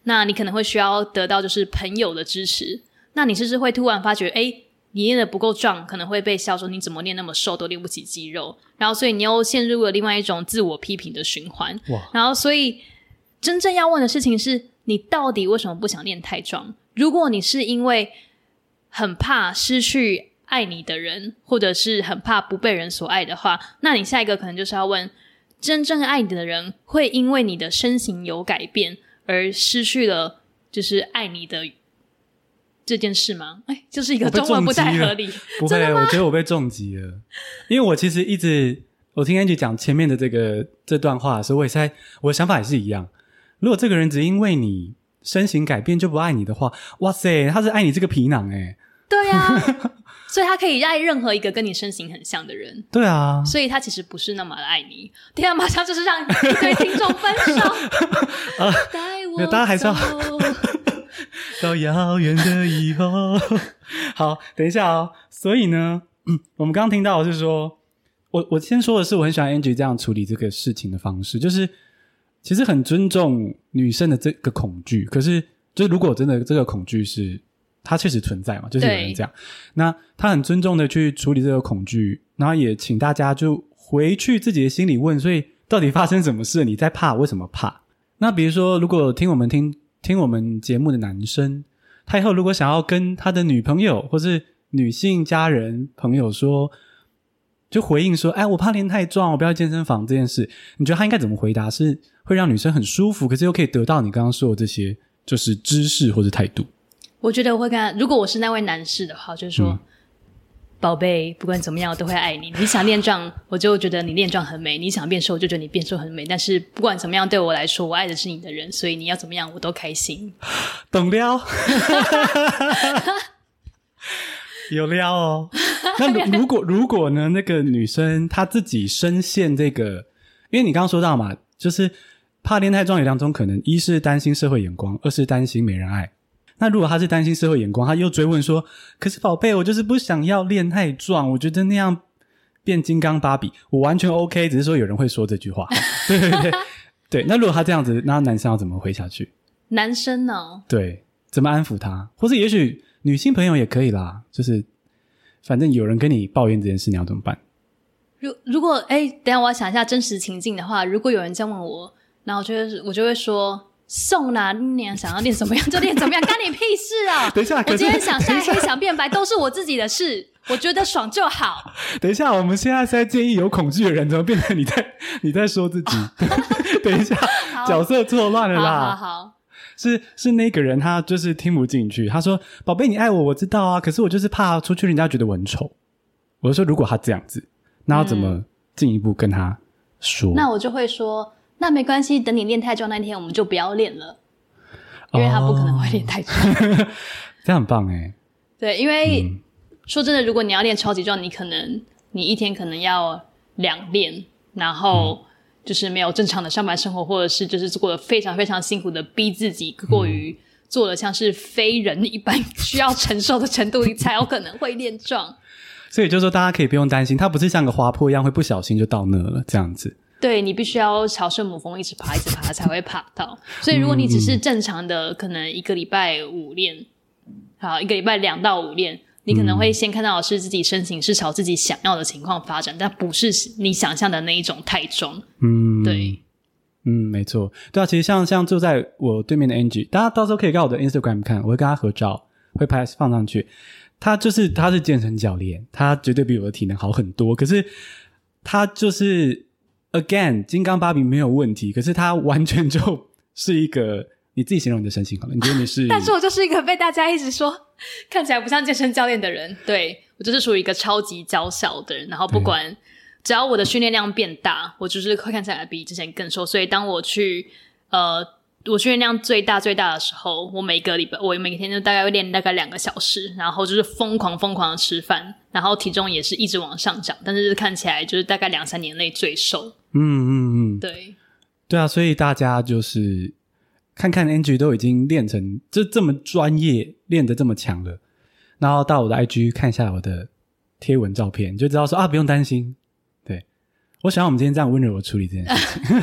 那你可能會需要得到就是朋友的支持。那你是不是會突然發覺誒？你練得不夠壯，可能會被笑說，你怎麼練那麼瘦都練不起肌肉，然後所以你又陷入了另外一種自我批評的循環。哇然後所以真正要問的事情是，你到底為什麼不想練太壯？如果你是因為很怕失去愛你的人，或者是很怕不被人所愛的話，那你下一個可能就是要問，真正愛你的人會因為你的身形有改變而失去了就是愛你的。這件事嗎？哎，就是一個中文不太合理。 不會， 嗎我覺得我被重擊了，因為我其實一直我聽 Angie 講前面的這個這段話的時候，我也猜我的想法也是一樣。如果這個人只因為你身形改變就不愛你的話，哇塞，他是愛你這個皮囊哎、欸。對呀、啊， 所以他可以愛任何一個跟你身形很像的人。對啊，所以他其實不是那麼愛你。天啊，馬上就是讓一對聽眾分手啊！沒有， 大家還是要。到遙遠的以後， 好，等一下啊、哦！所以呢，嗯、我們剛剛聽到的是說，我我先說的是，我很喜歡 Angie 這樣處理這個事情的方式，就是其實很尊重女生的這個恐懼。可是，就如果真的這個恐懼是它確實存在嘛，就是有人這樣對那他很尊重的去處理這個恐懼，然後也請大家就回去自己的心裡問，所以到底發生什麼事？你在怕？為什麼怕？那比如說，如果聽我們聽。聽我們節目的男生，他以後如果想要跟他的女朋友或是女性家人朋友說，就回應說：“哎，我怕練太壯，我不要健身房這件事。”你覺得他應該怎麼回答？是會讓女生很舒服，可是又可以得到你剛剛說的這些就是知識或者態度？我覺得我會跟他，如果我是那位男士的話，就是說。嗯寶貝，不管怎麼樣我都會愛你。你想練壯，我就覺得你練壯很美；你想變瘦，我就覺得你變瘦很美。但是不管怎麼樣，對我來說，我愛的是你的人，所以你要怎麼樣我都開心。懂撩了， 有撩哦。那如果如果呢？那個女生她自己深陷這個，因為你剛剛說到嘛，就是怕練太壯有兩種可能：一是擔心社會眼光，二是擔心沒人愛。那如果他是擔心社會眼光，他又追問說：“可是寶貝，我就是不想要練太壯，我覺得那樣變金剛芭比，我完全 OK。”只是說有人會說這句話， 對對對對。那如果他這樣子，那男生要怎麼回下去？男生呢、哦？對，怎麼安撫他？或是也許女性朋友也可以啦，就是反正有人跟你抱怨這件事，你要怎麼辦？如如果哎，等一下我要想一下真實情境的話，如果有人這樣問我，那我就我就會說。送啦、啊，你想要練什麼樣就練怎麼樣，幹 你屁事啊！等一下，我今天想曬黑，想變白都是我自己的事，我覺得爽就好。等一下，我們現在在建議有恐懼的人，怎麼變成你在你在說自己？啊、 等一下，好角色錯亂了啦！好，好好，好是是那個人，他就是聽不進去。他說：“寶貝，你愛我，我知道啊，可是我就是怕出去人家覺得我醜。”我就說：“如果他這樣子，那要怎麼進一步跟他說？”嗯、那我就會說。那沒關係，等你練太壯那天，我們就不要練了，因為他不可能會練太壯。Oh. 這樣很棒哎。對，因為、嗯、說真的，如果你要練超級壯，你可能你一天可能要兩練，然後、嗯、就是沒有正常的上班生活，或者是就是過得非常非常辛苦的，逼自己過於做的像是非人一般需要承受的程度， 你才有可能會練壯。所以就是說，大家可以不用擔心，它不是像個滑坡一樣，會不小心就到那了這樣子。對，你必須要朝聖母峰一直爬，一直爬 才會爬到。所以如果你只是正常的，嗯、可能一個禮拜五練，好，一個禮拜兩到五練，你可能會先看到的是自己身形、嗯、是朝自己想要的情況發展，但不是你想象的那一種太壯，嗯，對，嗯，沒錯，對啊。其實像像坐在我對面的 Angie，大家到時候可以看我的 Instagram 看，我會跟他合照，會拍放上去。他就是，他是健身教練，他絕對比我的體能好很多，可是他就是。Again，金剛芭比沒有問題，可是他完全就是一個你自己形容你的身形，好了，你覺得你是，啊，但是我就是一個被大家一直說看起來不像健身教練的人。對，我就是屬於一個超級嬌小的人，然後不管、嗯、只要我的訓練量變大，我就是會看起來比之前更瘦。所以當我去呃、。我訓練量最大最大的時候，我每個禮拜我每天就大概會練大概兩個小時，然後就是瘋狂瘋狂的吃飯，然後體重也是一直往上漲，但是看起來就是大概兩三年內最瘦。嗯嗯嗯，嗯嗯對對啊，所以大家就是看看 Angie 都已經練成就這麼專業，練得這麼強了，然後到我的 IG 看一下我的貼文照片，就知道說啊不用擔心。對我想要我們今天這樣溫柔的處理這件事情，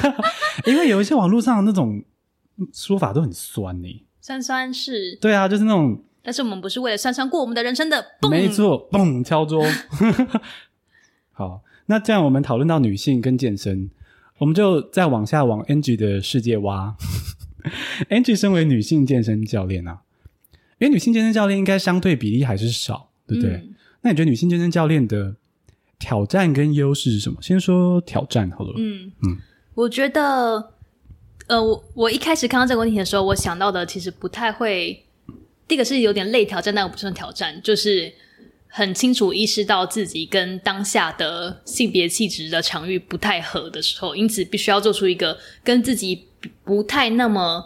因為有一些網絡上那種。說法都很酸呢，酸酸是，對啊，就是那種。但是我們不是為了酸酸過我們的人生的，蹦，沒錯，蹦敲桌。 好，那這樣我們討論到女性跟健身，我們就再往下往 Angie 的世界挖。 Angie 身為女性健身教練啊，因為女性健身教練應該相對比例還是少，對不對？嗯、那你覺得女性健身教練的挑戰跟優勢是什麼？先說挑戰好了。嗯嗯，嗯我覺得。呃，我我一開始看到這個問題的時候，我想到的其實不太會，第一個是有點類挑戰，但我不算挑戰，就是很清楚意識到自己跟當下的性別氣質的場域不太合的時候，因此必須要做出一個跟自己不太那麼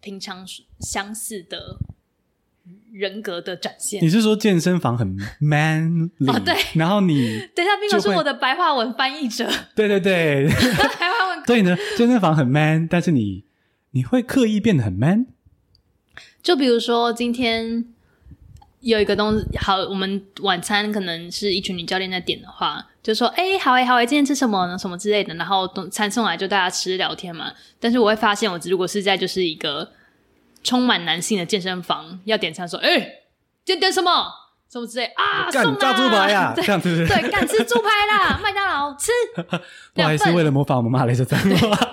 平常相似的人格的展現。你是說健身房很 man？哦、 啊，對，然後你等一下，賓狗是我的白話文翻譯者。對對對。 所以 呢，健身房很 man，但是你你會刻意變得很 man， 就比如說今天有一個東西好，我們晚餐可能是一群女教練在點的話，就說誒、欸，好誒、欸、好誒、欸，今天吃什麼呢？什麼之類的，然後餐送來就大家吃聊天嘛。但是我會發現，我如果是在就是一個充滿男性的健身房要點餐說，說、欸、誒，今天點什麼？什麼之類啊？幹幹啦炸豬排呀，啊，對這樣子對？幹吃豬排啦，麥 當勞吃。不好意思，為了模仿我們馬來西亞。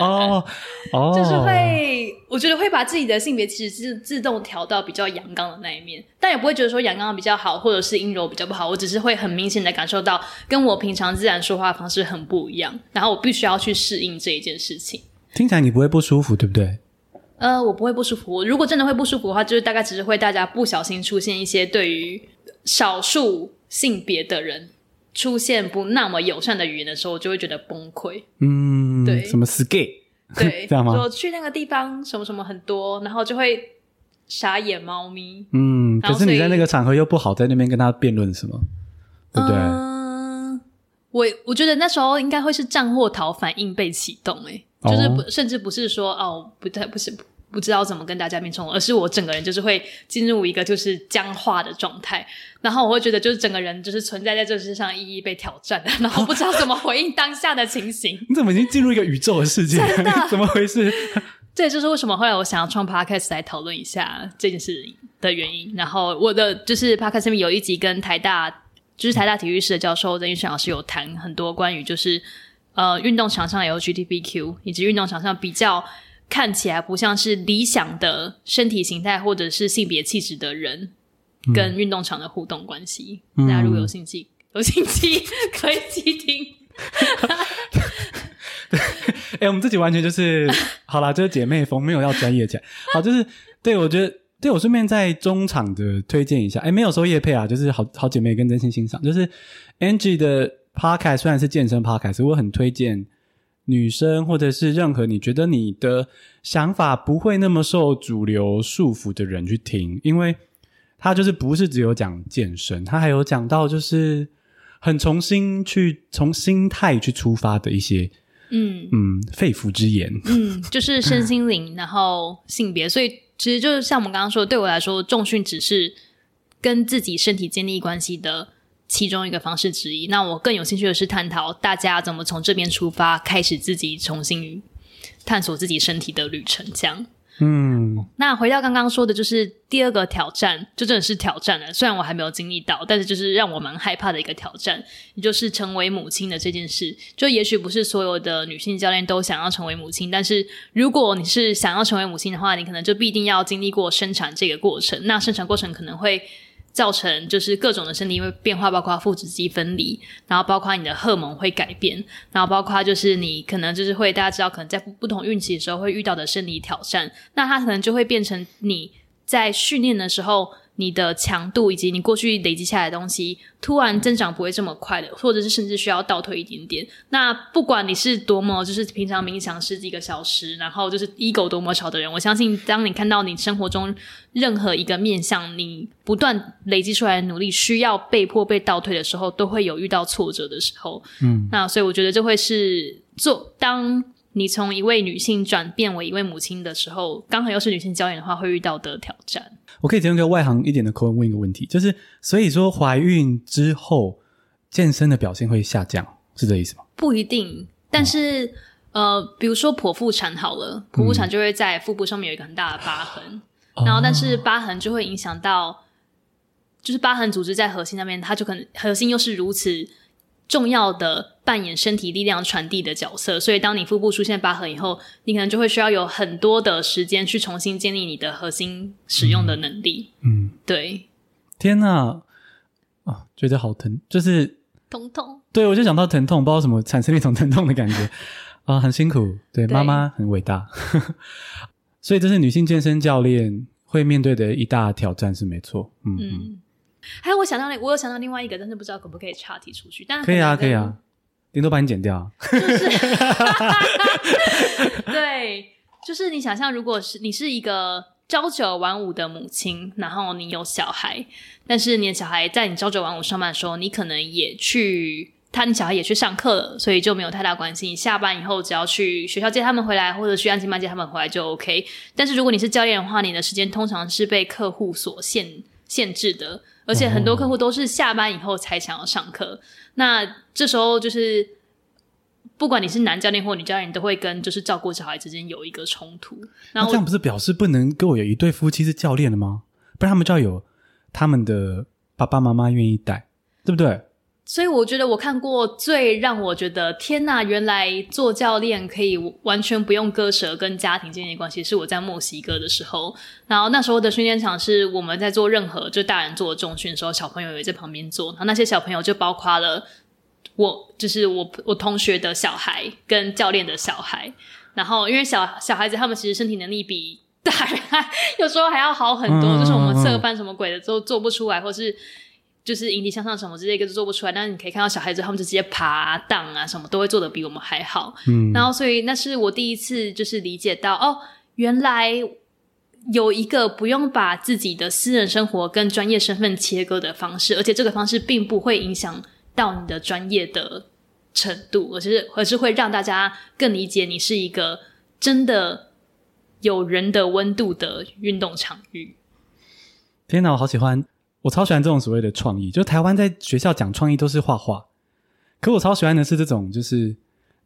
哦哦，就是會，我覺得會把自己的性別其實是自動調到比較陽剛的那一面，但也不會覺得說陽剛比較好，或者是陰柔比較不好。我只是會很明顯的感受到，跟我平常自然說話的方式很不一樣，然後我必須要去適應這一件事情。聽起來你不會不舒服，對不對？呃，我不會不舒服。如果真的會不舒服的話，就是大概只是會大家不小心出現一些對於少數性別的人出現不那麼友善的語言的時候，我就會覺得崩潰。嗯，對，什麼 skate，對，這樣嗎？說去那個地方，什麼什麼很多，然後就會傻眼貓咪。嗯，可是你在那個場合又不好在那邊跟他辯論，什麼。嗯、對對？我我覺得那時候應該會是戰或逃反應被啟動、欸，哎，就是不、哦、甚至不是說哦，不對不是。不行不不知道怎麼跟大家面衝，而是我整個人就是會進入一個就是僵化的狀態，然後我會覺得就是整個人就是存在在這個世界上意義被挑戰，然後不知道怎麼回應當下的情形。哦、你怎麼已經進入一個宇宙的世界？啊、 怎麼回事？這也就是為什麼後來我想要創 podcast 來討論一下這件事的原因。然後我的就是 podcast 面有一集跟台大，就是台大體育室的教授鄭玉山老師有談很多關於就是呃運動場上有 LGBTQ 以及運動場上比較。看起來不像是理想的身體形態或者是性別氣質的人，跟運動場的互動關係，嗯、大家如果有興趣，有興趣可以去聽。哎，我們自己完全就是好啦，就是姐妹風，沒有要專業起來。好，就是對我覺得，對我順便在中場的推薦一下。哎、欸，沒有收業配啊，就是好好姐妹跟真心欣賞。就是 Angie 的 Podcast 雖然是健身 Podcast，是我很推薦。女生或者是任何你覺得你的想法不會那麼受主流束縛的人去聽，因為他就是不是只有講健身，他還有講到就是很重新去從心態去出發的一些，嗯嗯，肺腑之言，嗯，就是身心靈， 然後性別，所以其實就是像我們剛剛說的，對我來說，重訓只是跟自己身體建立關係的其中一個方式之一。那我更有興趣的是探討大家怎麼從這邊出發，開始自己重新探索自己身體的旅程。這樣，嗯，那回到剛剛說的，就是第二個挑戰，就真的是挑戰了。雖然我還沒有經歷到，但是就是讓我蠻害怕的一個挑戰，也就是成為母親的這件事。就也許不是所有的女性教練都想要成為母親，但是如果你是想要成為母親的話，你可能就必定要經歷過生產這個過程。那生產過程可能會。造成就是各種的生理會變化，包括腹直肌分離，然後包括你的荷蒙會改變，然後包括就是你可能就是會大家知道，可能在不同孕期的時候會遇到的生理挑戰，那它可能就會變成你在訓練的時候。你的強度以及你過去累積下來的東西，突然增長不會這麼快的，或者是甚至需要倒退一點點。那不管你是多麼就是平常冥想十幾個小時，然後就是 ego 多麼少的人，我相信當你看到你生活中任何一個面向，你不斷累積出來的努力需要被迫被倒退的時候，都會有遇到挫折的時候。嗯，那所以我覺得這會是做當你從一位女性轉變為一位母親的時候，剛好又是女性教練的話，會遇到的挑戰。我可以提用一個外行一點的口吻問一個問題，就是，所以說懷孕之後健身的表現會下降，是這意思嗎？不一定，但是、哦、呃，比如說剖腹產好了，剖腹產就會在腹部上面有一個很大的疤痕，嗯、然後但是疤痕就會影響到，哦、就是疤痕組織在核心那邊，它就可能核心又是如此，重要的扮演身體力量傳遞的角色，所以當你腹部出現疤痕以後，你可能就會需要有很多的時間去重新建立你的核心使用的能力。嗯，嗯對。天吶，啊，覺得好疼，就是疼痛，痛。對我就想到疼痛，不知道什麼產生那種疼痛的感覺啊，很辛苦。對，對媽媽很偉大。 所以這是女性健身教練會面對的一大挑戰，是沒錯。嗯。嗯還有我想到我有想到另外一個，但是不知道可不可以岔題出去。但可，可以啊，可以啊，頂多把你剪掉。就是， 對，就是你想象，如果是你是一個朝九晚五的母親，然後你有小孩，但是你的小孩在你朝九晚五上班的時候，你可能也去，他你小孩也去上課了，所以就沒有太大關係。你下班以後，只要去學校接他們回來，或者去安親班接他們回來就 OK。但是如果你是教練的話，你的時間通常是被客戶所限限制的。而且很多客戶都是下班以後才想要上課，哦哦，那這時候就是不管你是男教練或女教練，你都會跟就是照顧小孩之間有一個衝突。那這樣不是表示不能跟我有一對夫妻是教練了嗎？不然他們就要有他們的爸爸媽媽願意帶，對不對？所以我覺得我看過最讓我覺得天吶，原來做教練可以完全不用割捨跟家庭間的關係，是我在墨西哥的時候。然後那時候的訓練場是我們在做任何就大人做的重訓的時候，小朋友也在旁邊做。然後那些小朋友就包括了我，就是我我同學的小孩跟教練的小孩。然後因為小小孩子他們其實身體能力比大人還有時候還要好很多，就是我們側翻什麼鬼的都做不出來，或是。就是引體向上什麼之類的，都做不出來。但是你可以看到小孩子，他們就直接爬盪啊，啊什麼都會做的比我們還好。嗯，然後所以那是我第一次就是理解到，哦，原來有一個不用把自己的私人生活跟專業身份切割的方式，而且這個方式並不會影響到你的專業的程度，而是而是會讓大家更理解你是一個真的有人的溫度的運動場域。天哪，我好喜歡。我超喜歡這種所謂的創意，就台灣在學校講創意都是畫畫，可我超喜歡的是這種，就是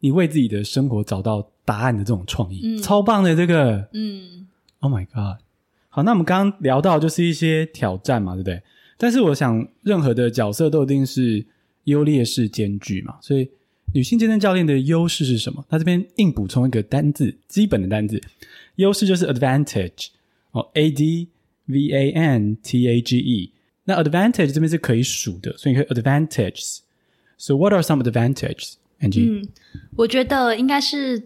你為自己的生活找到答案的這種創意，嗯、超棒的這個，嗯，Oh my god！好，那我們剛剛聊到就是一些挑戰嘛，對不對？但是我想，任何的角色都一定是優劣勢兼具嘛，所以女性健身教練的優勢是什麼？她這邊硬補充一個單字，基本的單字，優勢就是 advantage 哦，a d v a n t a g e。那 advantage 這邊是可以數的，所以你可以 advantages。So what are some advantages? Angie 嗯，我覺得應該是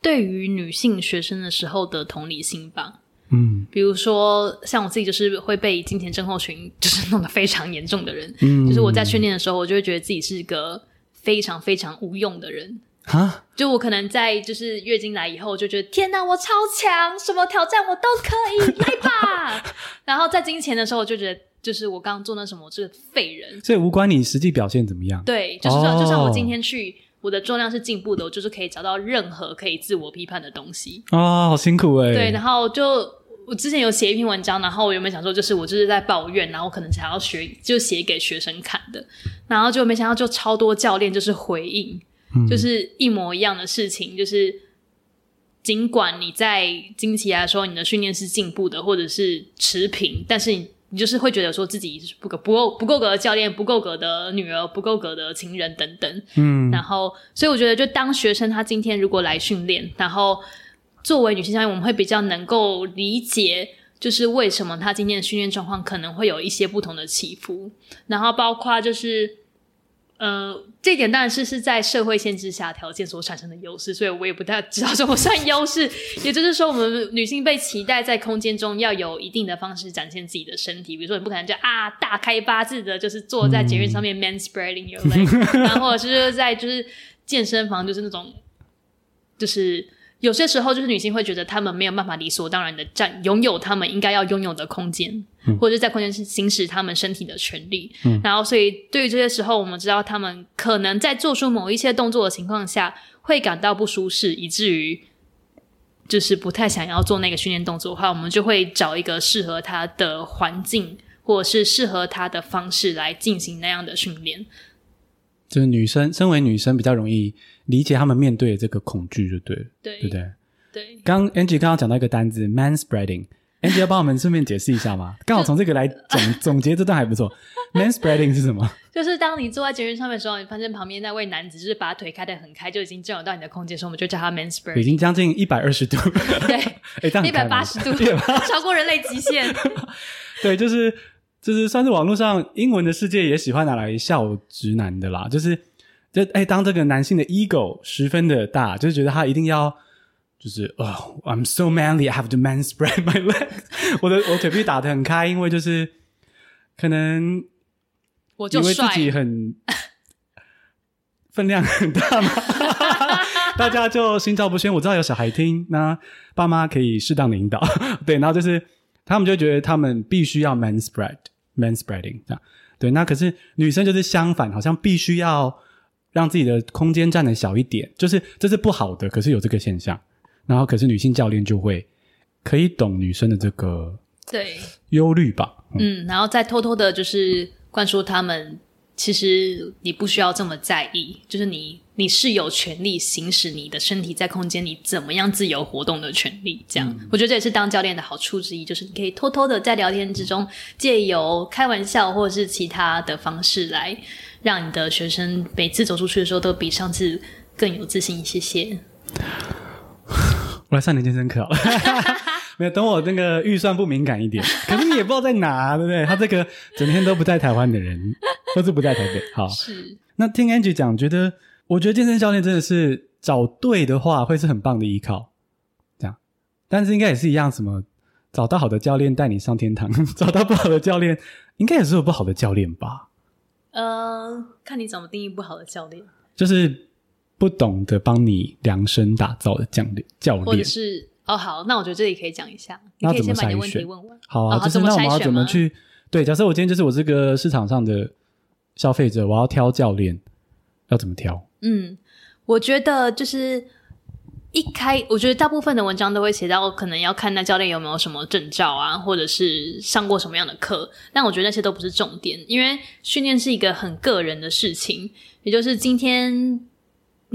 對於女性學生的時候的同理心吧。嗯，比如說像我自己就是會被金錢症候群就是弄得非常嚴重的人。嗯，就是我在訓練的時候，我就會覺得自己是一個非常非常無用的人哈，就我可能在就是月經來以後，就覺得天哪，我超強，什麼挑戰我都可以來吧。 然後在金錢的時候，我就覺得。就是我剛剛做那什麼，我、就是廢人，這無關你實際表現怎麼樣。對，就是算、oh. 就像我今天去，我的重量是進步的，我就是可以找到任何可以自我批判的東西啊，好、oh, 辛苦哎、欸。對，然後就我之前有寫一篇文章，然後我原本想說，就是我就是在抱怨，然後可能想要學，就寫給學生看的，然後就沒想到就超多教練就是回應，嗯、就是一模一樣的事情，就是儘管你在近期來說你的訓練是進步的或者是持平，但是你。你就是會覺得說自己不夠不夠不夠格的教練，不夠格的女兒，不夠格的情人等等。嗯，然後所以我覺得，就當學生他今天如果來訓練，然後作為女性教練，我們會比較能夠理解，就是為什麼他今天的訓練狀況可能會有一些不同的起伏，然後包括就是。呃，這點當然是是在社會限制下條件所產生的優勢，所以我也不太知道怎麼算優勢。也就是說，我們女性被期待在空間中要有一定的方式展現自己的身體，比如說你不可能就啊大開八字的，就是坐在捷運上面、嗯、manspreading，your leg，right? 然後或者是就是在就是健身房就是那種就是。有些時候，就是女性會覺得她們沒有辦法理所當然的占擁有她們應該要擁有的空間，或者是在空間是行使她們身體的權利。嗯、然後，所以對於這些時候，我們知道她們可能在做出某一些動作的情況下會感到不舒適，以至於就是不太想要做那個訓練動作的話，我們就會找一個適合她的環境，或者是適合她的方式來進行那樣的訓練。就是女生，身為女生比較容易理解他們面對的這個恐懼，就對對，對不對？對。剛 Angie 剛剛講到一個單字 “man spreading”，Angie 要幫我們順便解釋一下嘛？ 剛好從這個來總 總結這段還不錯，“man spreading” 是什麼？就是當你坐在捷運上面的時候，你發現旁邊那位男子就是把腿開得很開，就已經占有到你的空間的時候，我們就叫他 “man spreading”。已經將近一百二十度， 對，一百八十度， 超過人類極限。 對，就是。就是算是網絡上英文的世界也喜歡拿來笑直男的啦，就是就哎、欸，當這個男性的 ego 十分的大，就是覺得他一定要就是哦，Oh, I'm so manly, I have to manspread my legs，我的我腿可以打得很開， 因為就是可能，我就因為自己很 分量很大嘛， 大家就心照不宣。我知道有小孩聽，那爸媽可以適當的引導，對，然後就是他們就覺得他們必須要 manspread。Sp read, manspreading 對，那可是女生就是相反，好像必須要讓自己的空間站得小一點，就是這是不好的，可是有這個現象，然後可是女性教練就會可以懂女生的這個對憂慮吧，對嗯，嗯，然後再偷偷的就是灌輸他們。其實你不需要這麼在意，就是你你是有權利行使你的身體在空間裡怎麼樣自由活動的權利。這樣，嗯、我覺得這也是當教練的好處之一，就是你可以偷偷的在聊天之中，借由開玩笑或者是其他的方式來讓你的學生每次走出去的時候都比上次更有自信一些些。我來上你健身課。哦 沒有，等我那個預算不敏感一點，可是你也不知道在哪，啊， 對不對？他這個整天都不在台灣的人，或是不在台北，好。是。那聽 Angie 講，覺得我覺得健身教練真的是找對的話，會是很棒的依靠，這樣。但是應該也是一樣，什麼找到好的教練帶你上天堂呵呵，找到不好的教練，應該也是有不好的教練吧？嗯、呃，看你怎麼定義不好的教練，就是不懂得幫你量身打造的教練，教練或者是。哦，好，那我覺得這裡可以講一下。你可以先把你問題問問。好啊，就、哦、是那我們要怎麼去？對，假設我今天就是我這個市場上的消費者，我要挑教練，要怎麼挑？嗯，我覺得就是一開，我覺得大部分的文章都會寫到，可能要看那教練有沒有什麼證照啊，或者是上過什麼樣的課。但我覺得那些都不是重點，因為訓練是一個很個人的事情。也就是今天。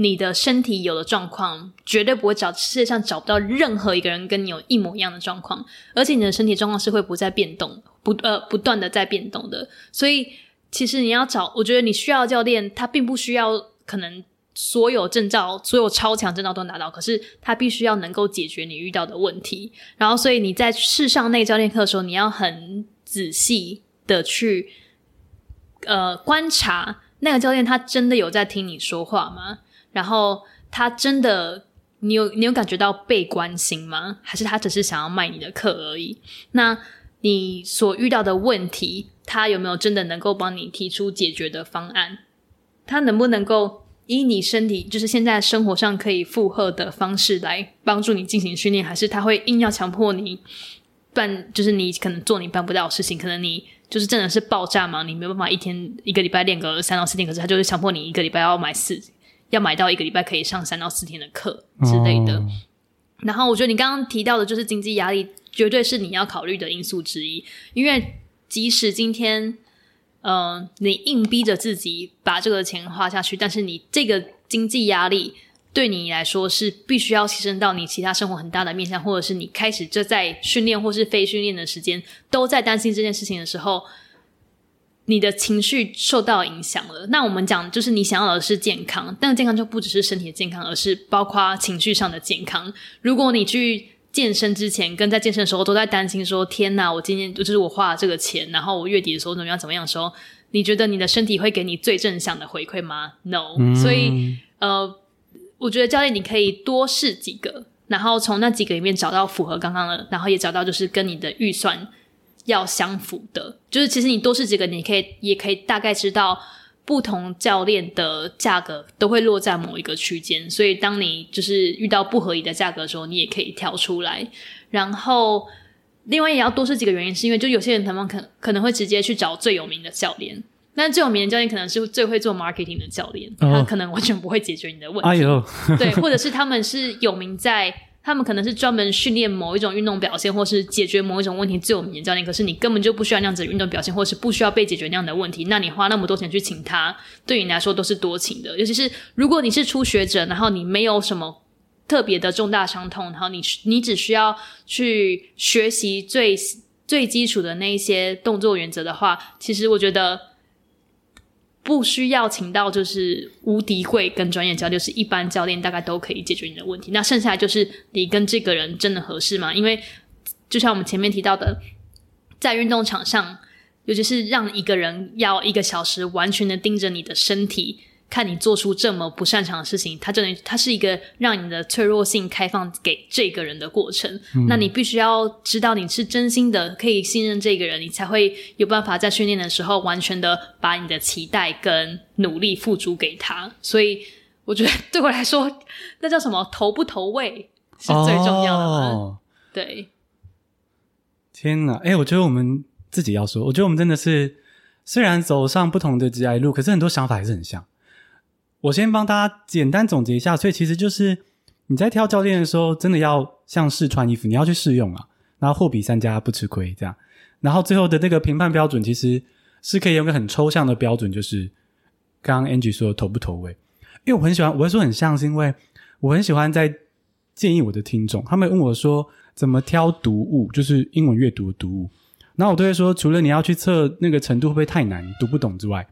你的身體有的狀況絕對不會找，世界上找不到任何一個人跟你有一模一樣的狀況，而且你的身體狀況是會不再變動，不呃，不斷的在變動的。所以其實你要找，我覺得你需要的教練，他並不需要可能所有證照、所有超強證照都拿到，可是他必須要能夠解決你遇到的問題。然後，所以你在試上那個教練課的時候，你要很仔細的去呃觀察那個教練他真的有在聽你說話嗎？然後他真的，你有你有感覺到被關心嗎？還是他只是想要賣你的課而已？那你所遇到的問題，他有沒有真的能夠幫你提出解決的方案？他能不能夠依你身體，就是現在生活上可以負荷的方式來幫助你進行訓練？還是他會硬要強迫你辦？就是你可能做你辦不到事情，可能你就是真的是爆炸忙，你沒有辦法一天一個禮拜練個三到四天，可是他就是強迫你一個禮拜要買四。要買到一個禮拜可以上三到四天的課之類的，嗯、然後我覺得你剛剛提到的，就是經濟壓力，絕對是你要考慮的因素之一。因為即使今天，嗯、呃，你硬逼着自己把這個錢花下去，但是你這個經濟壓力對你來說是必須要犧牲到你其他生活很大的面向，或者是你開始就在訓練或是非訓練的時間都在擔心這件事情的時候。你的情緒受到影響了。那我們講，就是你想要的是健康，但健康就不只是身體的健康，而是包括情緒上的健康。如果你去健身之前跟在健身的時候都在擔心說：“天哪，我今天就是我花了這個錢，然後我月底的時候怎麼樣？怎麼樣？”的時候，你覺得你的身體會給你最正向的回饋嗎？No。嗯、所以，呃，我覺得教練你可以多試幾個，然後從那幾個裡面找到符合剛剛的，然後也找到就是跟你的預算。要相符的，就是其實你多試幾個，你可以也可以大概知道不同教練的價格都會落在某一個區間，所以當你就是遇到不合理的價格的時候，你也可以跳出來。然後另外也要多試幾個原因，是因為就有些人他們可能可能會直接去找最有名的教練，但最有名的教練可能是最會做 marketing 的教練，他可能完全不會解決你的問題，哦哎、 對，或者是他們是有名在。他們可能是專門訓練某一種運動表現，或是解決某一種問題最有名的教練。可是你根本就不需要那樣子的運動表現，或是不需要被解決那樣的問題。那你花那麼多錢去請他，對你來說都是多情的。尤其是如果你是初學者，然後你沒有什麼特別的重大傷痛，然後你你只需要去學習最最基礎的那一些動作原則的話，其實我覺得。不需要請到就是無敵貴跟專業教練，就是一般教練大概都可以解決你的問題。那剩下來就是你跟這個人真的合適嗎？因為就像我們前面提到的，在運動場上，尤其是讓一個人要一個小時完全的盯着你的身體。看你做出這麼不擅長的事情，它就能，它是一個讓你的脆弱性開放給這個人的過程。嗯、那你必須要知道你是真心的，可以信任這個人，你才會有辦法在訓練的時候完全的把你的期待跟努力付諸給他。所以我覺得對我來說，那叫什麼？投不投餵是最重要的。哦、對，天哪、啊！哎、欸，我覺得我們自己要說，我覺得我們真的是雖然走上不同的職業路，可是很多想法還是很像。我先幫大家簡單總結一下，所以其實就是你在挑教練的時候，真的要像試穿衣服，你要去試用啊，然後貨比三家不吃虧，這樣。然後最後的那個評判標準其實是可以用一個很抽象的標準，就是剛剛 Angie 說投不投位，因為我很喜歡，我會說很像是因為我很喜歡在建議我的聽眾，他們問我說怎麼挑讀物，就是英文閱讀的讀物，然後我都會說，除了你要去測那個程度會不會太難，讀不懂之外。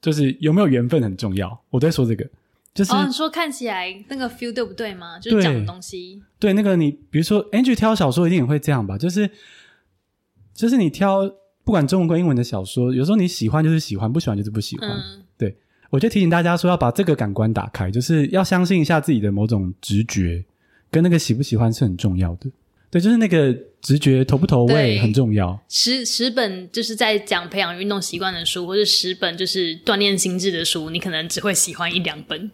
就是有沒有緣分很重要，我在說這個。就是、哦、你說看起來那個 feel 對不對嗎？就是講的東西對。對，那個你比如說 Angie 挑小說一定也會這樣吧？就是就是你挑不管中文跟英文的小說，有時候你喜歡就是喜歡，不喜歡就是不喜歡。嗯、對，我就提醒大家說，要把這個感官打開，就是要相信一下自己的某種直覺，跟那個喜不喜歡是很重要的。對，就是那個直覺投不投喂很重要。十十本，就是在講培養運動習慣的書，或是十本就是鍛鍊心智的書，你可能只會喜歡一兩本。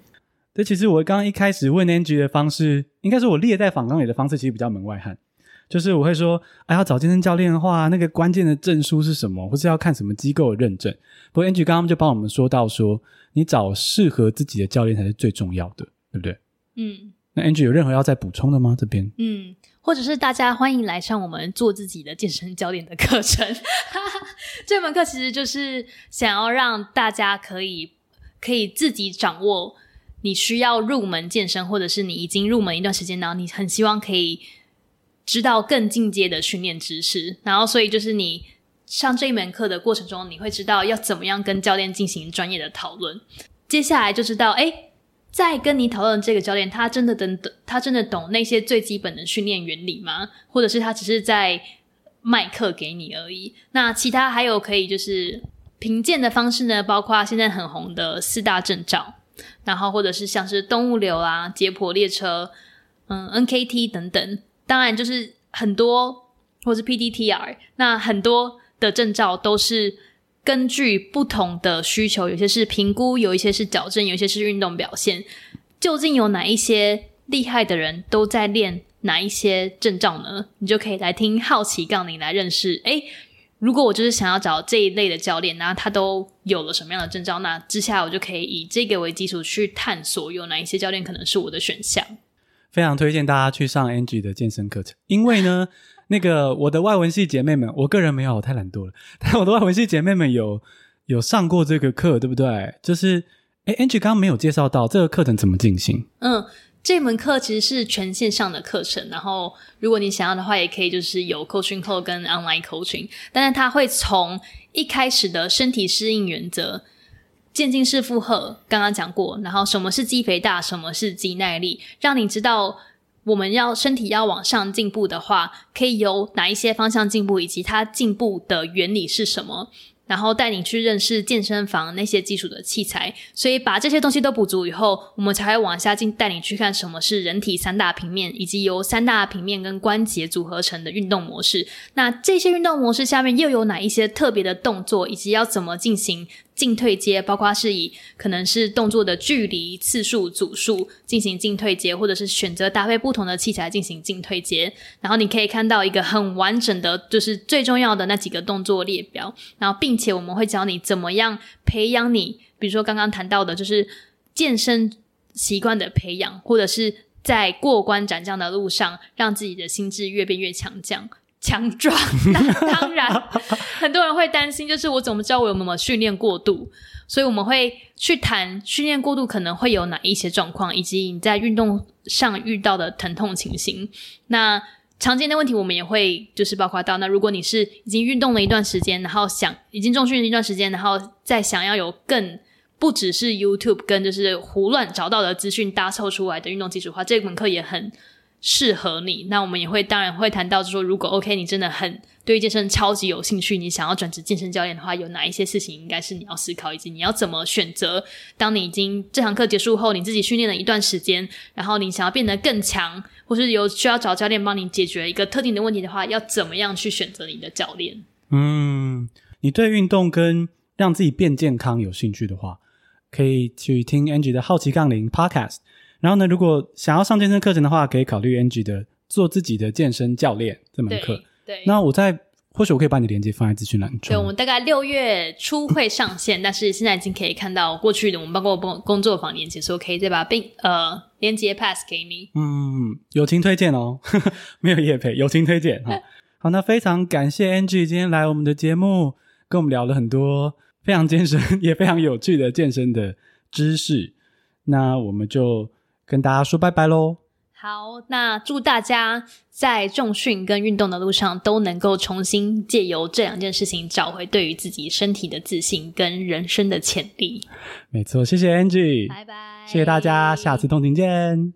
對，其實我剛剛一開始問 Angie 的方式，應該是我列在訪綱裡的方式其實比較門外漢，就是我會說，哎，要找健身教練的話，那個關鍵的證書是什麼，或是要看什麼機構的認證。不過 Angie 剛剛就幫我們說到說，說你找適合自己的教練才是最重要的，對不對？嗯。那 Angie 有任何要再補充的嗎？這邊？嗯。或者是大家歡迎來上我們做自己的健身教練的課程。 這門課其實就是想要讓大家可以可以自己掌握你需要入門健身，或者是你已經入門一段時間，然後你很希望可以知道更進階的訓練知識。然後所以就是你上這一門課的過程中，你會知道要怎麼樣跟教練進行專業的討論。接下來就知道誒。在跟你討論這個教練，他真的等等，他真的懂那些最基本的訓練原理嗎？或者是他只是在賣課給你而已？那其他還有可以就是評鑑的方式呢？包括現在很紅的四大證照，然後或者是像是動物流啊、解剖列車、嗯、NKT 等等，當然就是很多，或是 PDTR，那很多的證照都是。根據不同的需求，有些是評估，有一些是矯正，有一些是運動表現。究竟有哪一些厲害的人都在練哪一些證照呢？你就可以來聽好奇槓鈴來認識。哎，如果我就是想要找這一類的教練，然後他都有了什麼樣的證照，那之下我就可以以這個為基礎去探索有哪一些教練可能是我的選項。非常推薦大家去上 Angie 的健身課程，因為呢。 那個我的外文系姐妹們，我個人沒有，我太懶惰了。但我的外文系姐妹們有有上過這個課，對不對？就是哎，Angie 剛剛沒有介紹到這個課程怎麼進行？嗯，這門課其實是全線上的課程，然後如果你想要的話，也可以就是有 Coaching Call 跟 online Coaching。但是它會從一開始的身體適應原則、漸進式負荷，剛剛講過，然後什麼是肌肥大，什麼是肌耐力，讓你知道。我們要身體要往上進步的話，可以由哪一些方向進步，以及它進步的原理是什麼？然後帶你去認識健身房那些基礎的器材。所以把這些東西都補足以後，我們才會往下進，帶你去看什麼是人體三大平面，以及由三大平面跟關節組合成的運動模式。那這些運動模式下面又有哪一些特別的動作，以及要怎麼進行？進退階，包括是以可能是動作的距離、次數、組數進行進退階，或者是選擇搭配不同的器材進行進退階。然後你可以看到一個很完整的，就是最重要的那幾個動作列表。然後，並且我們會教你怎麼樣培養你，比如說剛剛談到的，就是健身習慣的培養，或者是在過關斬將的路上，讓自己的心智越變越強健。強壯，那當然，很多人會擔心，就是我怎麼知道我有沒有訓練過度？所以我們會去談訓練過度可能會有哪一些狀況，以及你在運動上遇到的疼痛情形。那常見的問題，我們也會就是包括到，那如果你是已經運動了一段時間，然後想已經重訓了一段時間，然後再想要有更不只是 YouTube 跟就是胡亂找到的資訊搭湊出來的運動基礎的話，這門課也很。適合你，那我們也會當然會談到，就是說如果 OK，你真的很對於健身超級有興趣，你想要轉職健身教練的話，有哪一些事情應該是你要思考，以及你要怎麼選擇？當你已經這堂課結束後，你自己訓練了一段時間，然後你想要變得更強，或是有需要找教練幫你解決一個特定的問題的話，要怎麼樣去選擇你的教練？嗯，你對運動跟讓自己變健康有興趣的話，可以去聽 Angie 的好奇槓鈴 Podcast。然後呢，如果想要上健身課程的話，可以考慮 Angie 的做自己的健身教練這門課。對，對，那我在或許我可以把你連接放在資訊欄中。對，我們大概六月初會上線， 但是現在已經可以看到過去的我們包括工工作坊連接，所以我可以再把並呃連接 pass 給你。嗯，友情推薦哦， 沒有業配友情推薦 好，那非常感謝 Angie 今天來我們的節目，跟我們聊了很多非常健身也非常有趣的健身的知識。那我們就。跟大家說拜拜嘍！好，那祝大家在重訓跟運動的路上都能夠重新借由這兩件事情找回對於自己身體的自信跟人生的潛力。沒錯，謝謝 Angie，拜拜，謝謝大家，下次動情見。